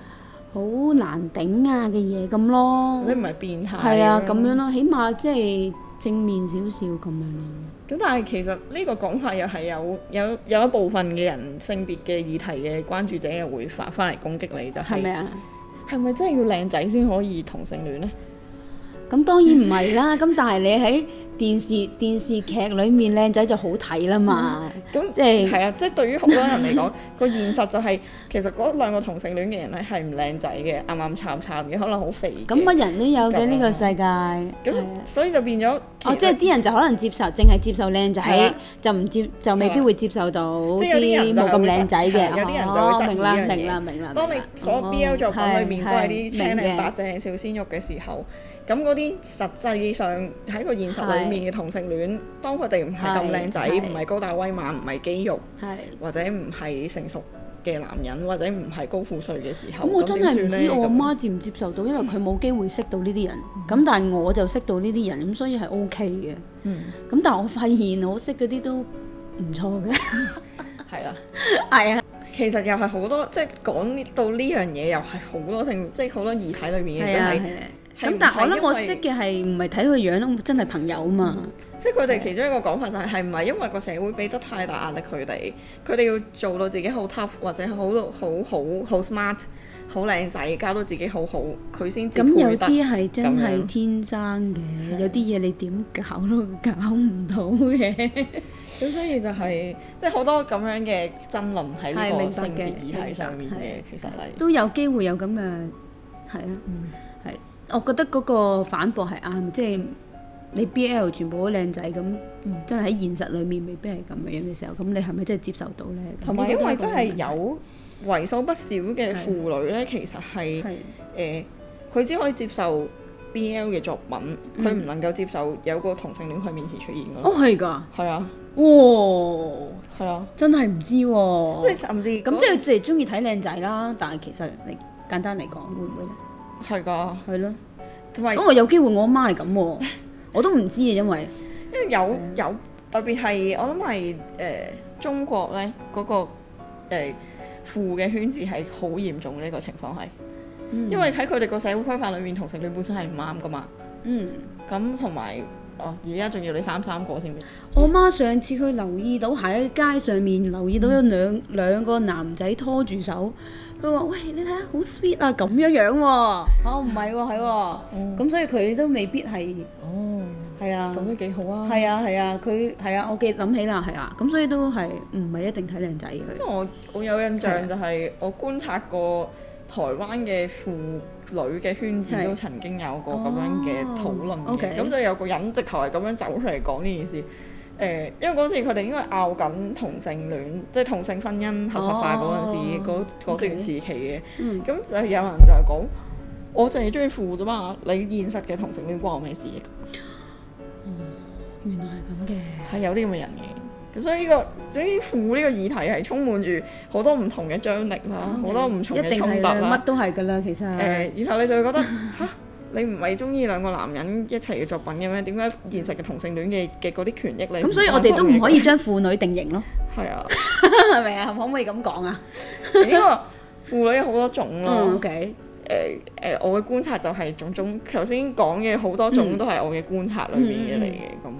好、嗯、難頂啊嘅嘢咁咯。你唔係變態。係啊，咁、啊、樣咯，起碼即係正面少少咁樣。嗯咁但係其實呢個講法又係有有有一部分嘅人，性別嘅議題嘅關注者，又會發翻嚟攻擊你，就係咩啊？係咪嗎真係要靚仔先可以同性戀呢？咁當然唔係啦，咁但係你喺電視電視劇裏面靚仔就好睇啦嘛。咁即係係啊，即係對於好多人嚟講，個現實就係其實嗰兩個同性戀嘅人係係唔靚仔嘅，啱啱慘慘嘅，可能好肥嘅。咁乜人都有嘅呢個世界。咁所以就變咗哦，即係啲人就可能接受，淨係接受靚仔，就唔接就未必會接受到啲冇咁靚仔嘅。有啲人就會明啦明啦明啦。當你所 BL 作品裏面都係啲青靚白淨小鮮肉嘅時候。咁嗰啲實際上喺個現實裏面嘅同性戀，當佢哋唔係咁靚仔，唔係高大威猛，唔係肌肉，或者唔係成熟嘅男人，或者唔係高富帥嘅時候，咁我真係唔知我阿媽接唔接受到，因為佢冇機會識到呢啲人。咁但係我就識到呢啲人，咁所以係 OK 嘅。嗯。咁但我發現我識嗰啲都唔錯嘅。係啊。係啊。其實又係好多，即係講到呢樣嘢又係好多性，即係好多異體裏面嘅真係。咁但係我覺得我識嘅係唔係睇佢樣咯，真係朋友啊嘛。嗯、即係佢哋其中一個講法就係、是，係唔係因為個社會俾得太大壓力佢哋，佢哋要做到自己好 tough 或者好好好好 smart，好靚仔，搞到自己好好，佢先接配得咁，有啲係真係天生嘅，嗯、有啲嘢你點搞都搞唔到嘅。咁 所以就係、是，即係好多咁樣嘅爭論喺個性別議題上面嘅，其實係都有機會有咁嘅，係啊，係、嗯。我覺得嗰個反駁係啱，即係你 BL 全部都靚仔咁，真係喺現實裡面未必係咁樣嘅時候，咁你係咪真係接受到咧？同埋因為真係有，有為數不少嘅腐女咧，的其實係誒，佢的、呃、只可以接受 BL 嘅作品，佢唔的能夠接受有個同性戀喺面前出現咯。哦，係㗎。係啊。哇。係啊。真係唔知喎。即係甚至。咁即係就係中意睇靚仔啦，但係其實你簡單嚟講，會唔會咧？係噶，係咯，同埋的，咁我有,、哦、有機會我，我阿媽係咁喎，我都唔知啊，因為因為有有特別係，我諗係誒中國咧嗰個誒腐嘅圈子係好嚴重呢個情況係，因為喺佢哋個社會規範裏面，同性戀本身係唔啱噶嘛，嗯，咁同埋哦，而家仲要你三三個先嘅，我媽上次佢留意到喺街上面留意到有兩兩、嗯、個男仔拖住手。佢話：喂，你睇下好 sweet 啊，咁樣樣喎、啊。嚇、啊，唔係喎，係喎、啊。咁、嗯、所以佢都未必係。哦、嗯。係啊。咁都幾好啊。係啊係啊，佢係啊，啊，我記諗起啦，係啊。咁所以都係唔係一定睇靚仔。因為我我有印象就係、係啊、我觀察過台灣嘅腐女嘅圈子、啊、都曾經有過咁樣嘅討論嘅，咁、oh, okay. 就有個人直頭係咁樣走出嚟講呢件事。誒，因為嗰時佢哋應該拗緊同性戀，即係同性婚姻合法化嗰陣時嗰、oh. 段時期嘅，咁、okay. mm hmm. 就有人就係講，我淨係中意腐啫嘛，你現實嘅同性戀關我咩事？哦、嗯，原來係咁嘅，係有啲咁嘅人嘅，咁所以呢、這個總之腐呢個議題係充滿住好多唔同嘅張力啦，好、oh, okay. 多唔同嘅衝突乜都係㗎啦，其實，誒、欸，然後你就會覺得。 你唔係中意兩個男人一齊嘅作品嘅咩？點解現實嘅同性戀嘅嘅嗰啲權益嚟？咁所以我哋都唔可以將腐女定型咯。係 啊，係咪 啊？可唔可以咁講啊？呢個腐女有好多種咯。O、okay、K。誒誒、呃呃，我嘅觀察就係種種，頭先講嘅好多種都係我嘅觀察裏邊嘅嚟嘅咁。咁、嗯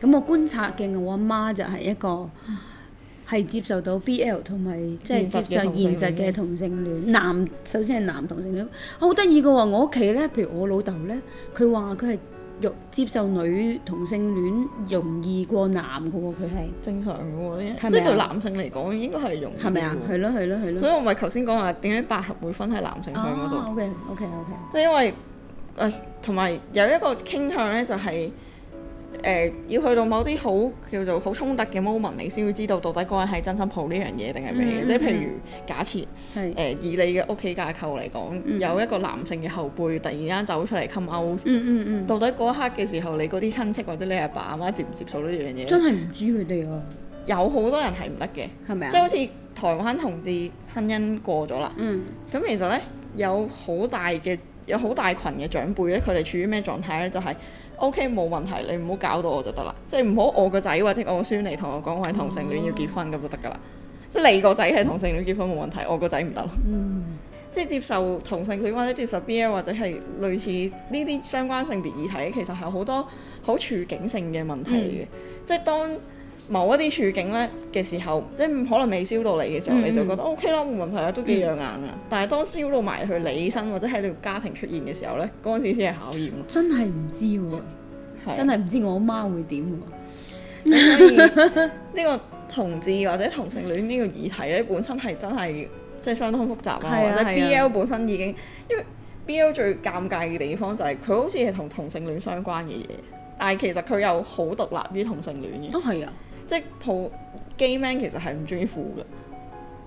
嗯、樣我觀察嘅我阿媽就係一個。係接受到 BL 同埋即係接受現實嘅同性戀，同性戀男，首先係男同性戀，好得意嘅喎。我屋企咧，譬如我老豆咧，佢話佢係容接受女同性戀容易過男嘅喎，佢係正常嘅喎，係係即係對男性嚟講應該係容易。係咪啊？係咯係咯係咯。所以我咪頭先講話點解百合會分喺男性向嗰度？OK, OK, OK, okay。Okay. 即係因為誒，同、哎、埋有，有一個傾向咧、就係，就係。誒、呃、要去到某啲好叫做好衝突嘅 moment，你先會知道到底嗰人係真心抱呢樣嘢定係咩嘅？嗯嗯嗯，即係譬如假設，誒是、呃、以你嘅屋企架構嚟講，嗯嗯嗯，有一個男性嘅後輩突然間走出嚟 come out，嗯嗯嗯，到底嗰一刻嘅時候，你嗰啲親戚或者你阿爸阿媽，媽接唔接受呢樣嘢？真係唔知佢哋啊！有好多人係唔得嘅，係咪啊？即係好似台灣同志婚姻過咗啦，咁、嗯、其實咧有好大嘅有好大群嘅長輩咧，佢哋處於咩狀態咧？就係、是。O.K. 冇問題，你唔好搞到我就得啦，即係唔好我個仔或者我個孫嚟同我講我係同性戀要結婚咁、哦、就得㗎啦，即係你個仔係同性戀結婚冇問題，我個仔唔得。嗯，即係接受同性戀或者接受 B.L. 或者係類似呢啲相關性別議題，其實係好多好處境性嘅問題嘅，嗯、即係當某一啲處境咧嘅時候，即係可能未燒到你嘅時候，你就覺得、嗯、O、OK、K 啦，冇問題啊，都幾養眼啊。嗯、但係當燒到埋去你身、嗯、或者喺你個家庭出現嘅時候咧，嗰陣時先係考驗。真係唔知喎、啊，是啊、真係唔知我媽會點喎。所以呢個同志或者同性戀呢個議題咧，本身係真係即係相當複雜啊。或者 BL 本身已經，因為 BL 最尷尬嘅地方就係佢好似係同同性戀相關嘅嘢，但係其實佢又好獨立於同性戀嘅。哦，係啊。即係普 gay man 其實係唔中意腐嘅，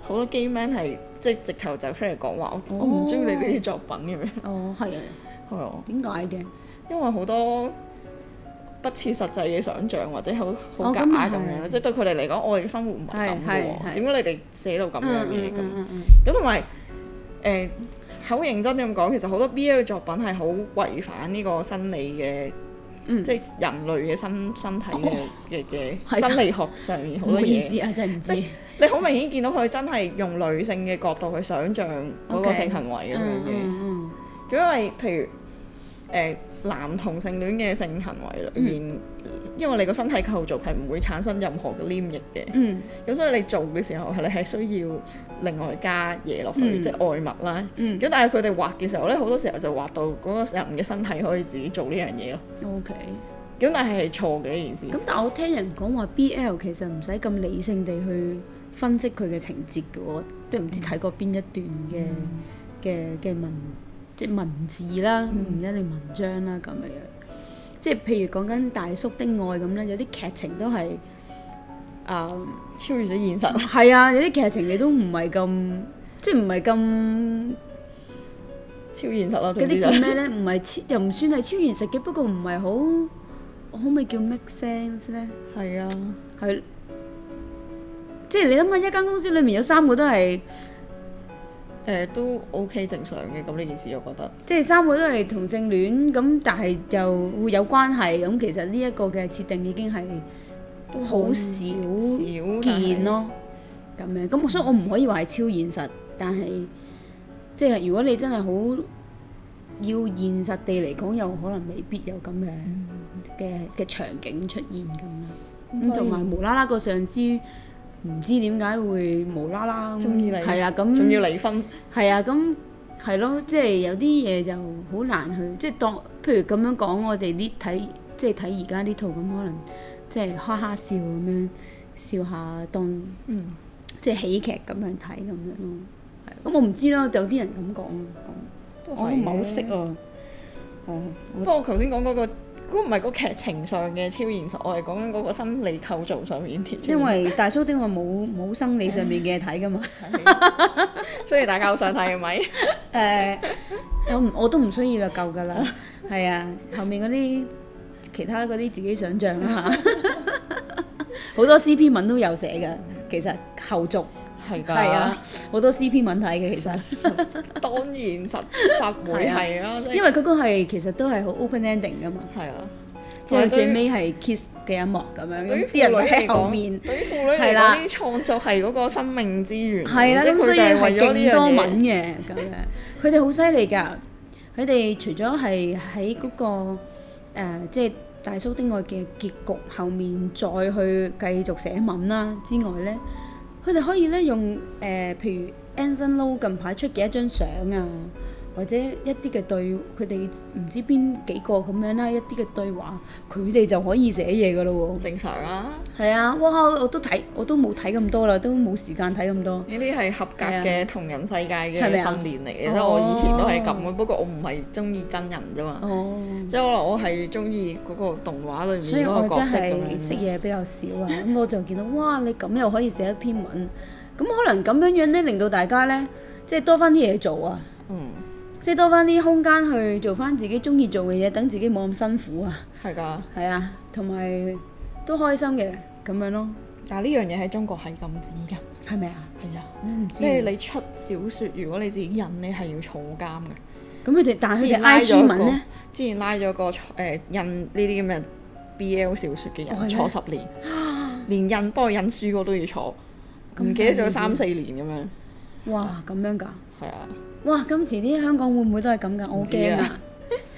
好多 gay man 係即係直頭就出嚟講話，我唔中意你呢啲作品咁樣。哦，係啊。係啊。點解嘅？因為好多不切實際嘅想像或者好好假咁樣，即係對佢哋嚟講，我哋嘅生活唔係咁嘅喎。點解你哋寫到咁樣嘢咁？咁同埋誒好認真咁講，其實好多 BL 嘅作品係好違反呢個生理嘅。嗯、即係人類嘅身身體嘅嘅嘅生理學上面 好多嘢。唔好意思啊，真係唔知。即係你好明顯見到佢真係用女性嘅角度去想像嗰個性行為咁樣嘅，咁、okay. 嗯嗯、因為譬如誒。欸男同性戀嘅性行為裏面，mm hmm. 因為你個身體構造係唔會產生任何嘅黏液嘅，咁、mm hmm. 所以你做嘅時候係你係需要另外加嘢落去，mm hmm. 即係外物啦。咁、mm hmm. 但係佢哋畫嘅時候咧，好多時候就畫到嗰個人嘅身體可以自己做呢樣嘢咯。O K。咁但係係錯嘅一件事。咁 Okay. 但係、嗯、我聽人講話 B L 其實唔使咁理性地去分析佢嘅情節嘅都唔知睇過邊一段嘅嘅嘅文。Mm hmm. 即文字啦，唔、嗯、一定文章啦咁樣。即譬如講緊大叔的愛咁咧，有啲劇情都係啊，呃、超越咗現實。係啊，有啲劇情你都唔係咁，即唔係咁超現實咯，啊。嗰啲，就是，叫咩咧？唔係又唔算係超現實嘅，不過唔係好，可唔可以叫 make sense 咧？係啊，係即你諗下，一間公司裡面有三個都係。誒、呃、都 OK 正常嘅，咁呢件事我覺得。即係三個都係同性戀，咁但係就會有關係，咁其實呢一個嘅設定已經係好少見咯。咁樣，咁所以我唔可以話係超現實，但係即係如果你真係好要現實地嚟講，又可能未必有咁嘅嘅嘅場景出現咁樣。咁同埋無啦啦個上司。唔知點解會無啦啦中意你係啊，咁仲要離婚係啊，咁係咯，即係有啲嘢就好難去，即係當譬如咁樣講，我哋啲睇即係睇而家呢套咁，可能即係哈哈笑咁樣笑下，當嗯即係喜劇咁樣睇咁樣咯。係，咁我唔知啦，有啲人咁講咁，都係我唔係好識啊。哦、啊，嗯、不過我頭先講嗰個。嗰個唔係個劇情上嘅超現實，我係講緊嗰個生理構造上面啲。因為大叔啲話冇冇生理上面嘅睇噶嘛， 所以大家好想睇嘅咪。誒、 uh,，我都唔需要啦，夠噶啦。係啊，後面嗰啲其他嗰啲自己想象啦吓，好多 CP 文都有寫㗎，其實後續。係啊，好多 CP 文睇嘅其實。 當然，實實會係啊，的的因為嗰個係其實都係好 open ending 噶嘛。係啊的，即係最尾係 kiss 嘅一幕咁樣，啲人喺後面。對於腐女嚟講，係啦。創作係嗰個生命之源。係啦的，咁所以係勁多文嘅咁樣。佢哋好犀利㗎，佢哋除咗係喺嗰個即係、呃即係、大叔的愛嘅結局後面再去繼續寫文啦之外咧。佢哋可以咧用誒、呃，譬如 Anson Lo 近排出幾多張相啊？或者一啲嘅對佢哋唔知邊幾個咁樣啦，一啲嘅對話，佢哋就可以寫嘢噶啦喎。正常啊，係啊，哇！我都睇，我都冇睇咁多啦，都冇時間睇咁多。呢啲係合格嘅同人世界嘅訓練嚟嘅，啊、我以前都係咁嘅，哦、不過我唔係中意真人啫嘛。哦。即係可能我係中意嗰個動畫裏面，所以我真係識嘢比較少啊，咁 我就見到哇！你咁又可以寫一篇文，咁 可能咁樣樣咧，令到大家咧即係多翻啲嘢做啊。嗯。即係多翻啲空間去做翻自己中意做嘅嘢，等自己冇咁辛苦啊。係㗎的。係啊，同埋都開心嘅咁樣咯。但係呢樣嘢喺中國係禁止㗎。係咪啊？係啊，我唔、嗯、知。即係你出小説，如果你自己印你係要坐監嘅。咁佢哋，但佢哋 IG 文呢個，之前拉咗個誒印呢啲咁嘅 BL 小説嘅人的坐十年，啊、連印幫佢印書嗰都要坐，唔記得咗三四年咁樣。哇，咁樣㗎？係啊。 哇！今次啲香港會唔會都係咁㗎？我驚啊！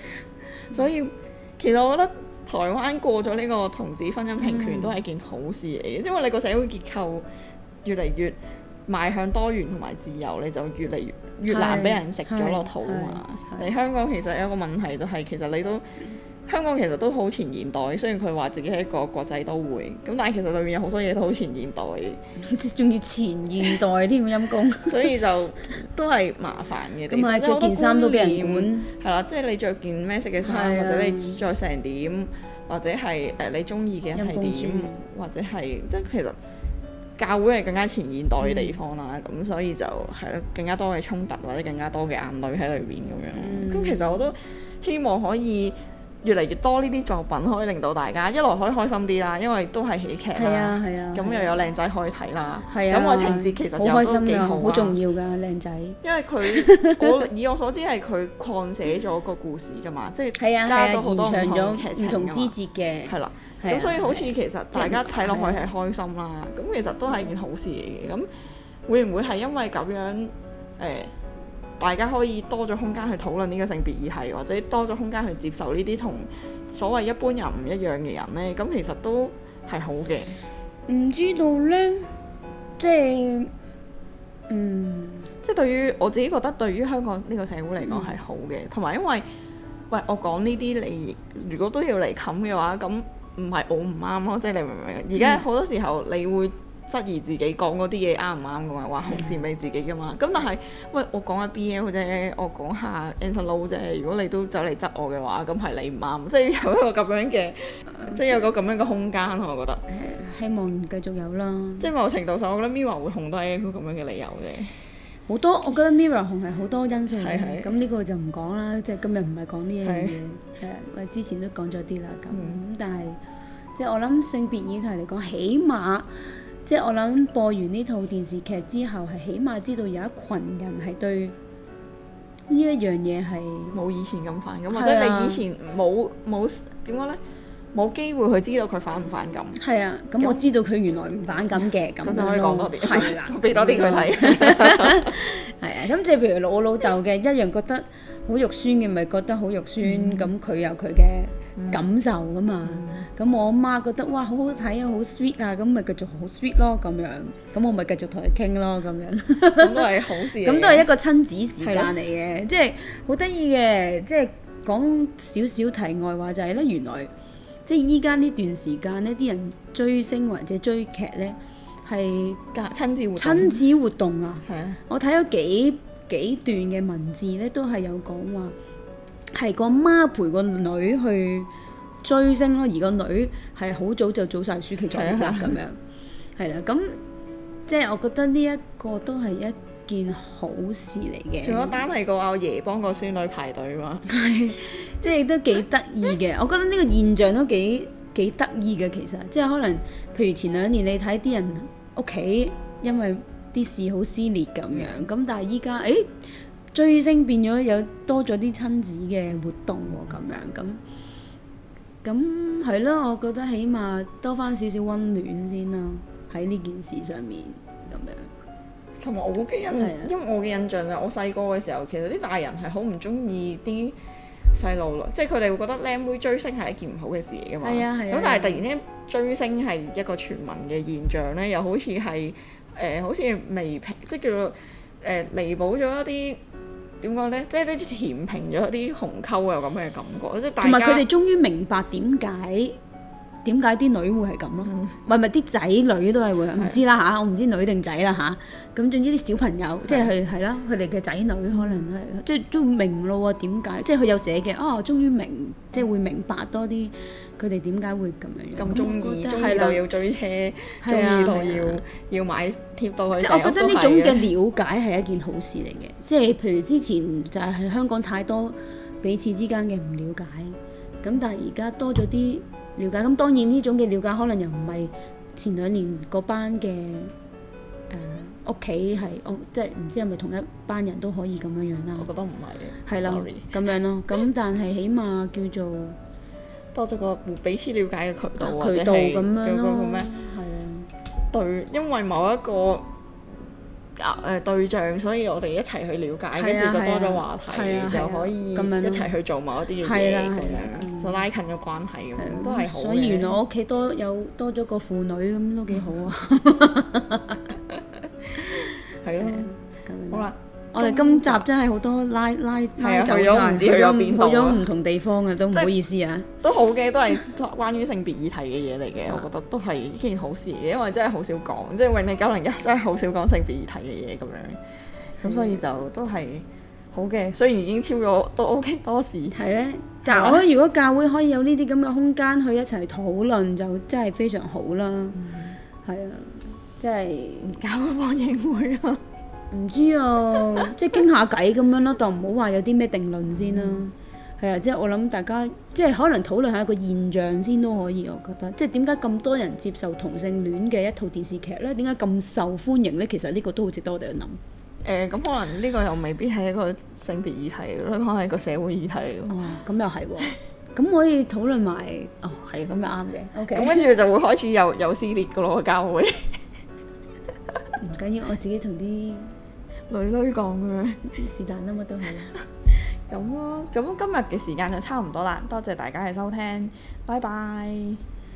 所以、嗯、其實我覺得台灣過咗呢個同志婚姻平權都係一件好事嚟嘅，嗯、因為你個社會結構越嚟越邁向多元同埋自由，你就越嚟越越難俾人食咗落肚啊嘛！嚟香港其實有一個問題就係其實你都。香港其實都好前現代，雖然佢話自己係一個國際都會，咁但係其實裏面有好多嘢都好前現代。仲 要前現代添，陰公，所以就都係麻煩嘅地方。即係好多衫都俾人管。係啦， 即係你着件咩色嘅衫，或者你著成點，或者係誒你中意嘅係點， 或者係即係其實教會係更加前現代嘅地方啦，咁、嗯、所以就係咯更加多嘅衝突或者更加多嘅眼淚喺裏面咁樣。咁、嗯、其實我都希望可以。越嚟越多呢啲作品可以令到大家，一來可以開心啲啦，因為都係喜劇啦，咁又有靚仔可以睇啦，咁我情節其實又都幾好，好重要㗎靚仔。因為佢我以我所知係佢擴寫咗個故事㗎嘛，即係加咗好多唔同劇情嘅。係啦，咁所以好似其實大家睇落去係開心啦，咁其實都係一件好事嚟嘅。咁會唔會係因為咁樣誒？大家可以多咗空間去討論呢個性別議題，而係或者多咗空間去接受呢啲同所謂一般人唔一樣嘅人呢，咁其實都係好嘅。唔知道呢，即、就、係、是、嗯。即係對於我自己覺得，對於香港呢個社會嚟講係好嘅，同埋、嗯、因為喂，我講呢啲你如果都要嚟冚嘅話，咁唔係我唔啱咯，即係你明唔明？而家好多時候你會。質疑自己講嗰啲嘢啱唔啱㗎嘛，話紅線畀自己㗎嘛？咁但係，喂，我講下 BL 或者我講下 Anson Lo 啫。如果你都走嚟執我嘅話，咁係你唔啱。即係有一個咁樣嘅，嗯、即係有個咁樣嘅空間，嗯、我覺得。希望繼續有啦。即係某程度上，我覺得 Mirror 會紅都係因為咁樣嘅理由啫。好多，我覺得 Mirror 紅係好多因素咁呢的個就唔講啦，即係今日唔係講呢樣嘢。係的，喂，之前都講咗啲啦咁。咁、嗯、但係，即係我諗性別議題嚟講，起碼。即係我諗播完呢套電視劇之後，係起碼知道有一群人係對呢一樣嘢係冇以前咁反感，啊、或者你以前冇冇點講咧，冇機會去知道佢反唔反感。係啊，咁我知道佢原來唔反感嘅咁樣咯。咁可以講多啲，係啦，俾多啲佢睇。係啊，咁 即譬如我老豆嘅 一樣覺得好肉酸嘅，咪覺得好肉酸。咁佢、嗯、有佢嘅感受㗎嘛，咁、嗯、我阿媽覺得哇，好好睇啊，好 sweet 啊，咁咪繼續好 sweet 咯咁樣，咁我咪繼續同佢傾咯咁樣，咁都係好事。咁都係一個親子時間嚟嘅、啊，即係好得意嘅，即係講少少題外話就係、是、咧，原來即係依家呢段時間呢啲人追星或者追劇咧係親子活動。親子活動啊，我睇咗幾幾段嘅文字咧，都係有講話，係個媽陪個女去追星咯，而個女係好早就做晒暑期作業啦咁樣，係啦，咁即係我覺得呢一個都係一件好事嚟嘅。除咗單係個阿爺幫個孫女排隊嘛， 即係都幾得意嘅。 我覺得呢個現象都幾幾得意嘅，其實，即係可能譬如前兩年你睇啲人屋企因為啲事好撕裂咁樣，咁但係依家誒。追星變咗有多咗啲親子嘅活動喎，哦，咁樣咁咁係咯，我覺得起碼多返少少溫暖先啦，喺呢件事上面咁樣。同埋我嘅印，的因為我嘅印象就我細個嘅時候，其實啲大人係好唔中意啲細路咯，即係佢哋會覺得靚妹追星係一件唔好嘅事嚟噶嘛。係啊係啊。咁但係突然咧，追星係一個全民嘅現象咧，又好似係誒好似未平，即係叫做誒、呃、彌補咗一啲。點講咧？即係呢啲填平咗啲鴻溝啊，有咁嘅感覺。即係同埋佢哋終於明白點解點解啲女會係咁啦。唔係唔係，啲仔女都係會唔知啦嚇。我唔知女定仔啦嚇。咁總之啲小朋友，即係係啦，佢哋嘅仔女可能係即係都明咯喎。點解即係佢有寫嘅？哦，終於明，即係會明白多啲。佢哋點解會咁樣？咁中意，中意到要追車，中意、啊、要、啊、要買貼到去。即係我覺得呢種嘅了解係一件好事嚟嘅，即係 譬如之前就係香港太多彼此之間嘅唔了解，咁但係而家多咗啲了解，咁當然呢種嘅了解可能又唔係前兩年嗰班嘅誒屋企係即係唔知係咪同一班人都可以咁樣樣、啊、啦。我覺得唔係。係啦吧，咁 樣咯，咁但係起碼叫做，多咗個彼此了解嘅渠道，或者係有嗰個咩？係啊，對，因為某一個啊誒對象，所以我哋一齊去了解，跟住就多咗話題，又可以一齊去做某一啲嘅嘢，咁樣就拉近咗關係咁，都係好嘅。所以原來我屋企多有多咗個腐女，咁都幾好啊！ 我哋今集真係好多拉拉 拉啊，去咗唔知去咗邊度去咗唔同地方啊，都唔好意思啊。都好嘅， 都係關於性別議題嘅嘢嚟嘅， 我覺得都係一件好事，因為真係好少講，即、就、係、是、永利九零一真係好少講性別議題嘅嘢咁樣。咁 所以就都係好嘅，雖然已經超咗，都 OK 多時。係咧、啊，啊、但係我覺得如果教會可以有呢啲咁嘅空間去一齊討論，就真係非常好啦。係啊，即係教會放映會啊！唔知啊，即係傾下偈咁樣咯，當唔好話有啲咩定論先啦。係啊，即係我諗大家即係可能討論下一個現象先都可以，我覺得即係點解咁多人接受同性戀嘅一套電視劇咧？點解咁受歡迎咧？其實呢個都好值得我哋去諗。誒、呃，咁可能呢個又未必係一個性別議題咯，可能係個社會議題，嗯啊。 哦，咁又係喎。咁可以討論埋，哦，係咁又啱嘅。O K。咁跟住就會開始有有，有撕裂噶咯，教會。唔緊要，我自己同啲。女女講嘅， 是但啦嘛都係，咁咯、 啊，咁今日嘅時間就差唔多啦，多謝大家嘅收聽，拜拜。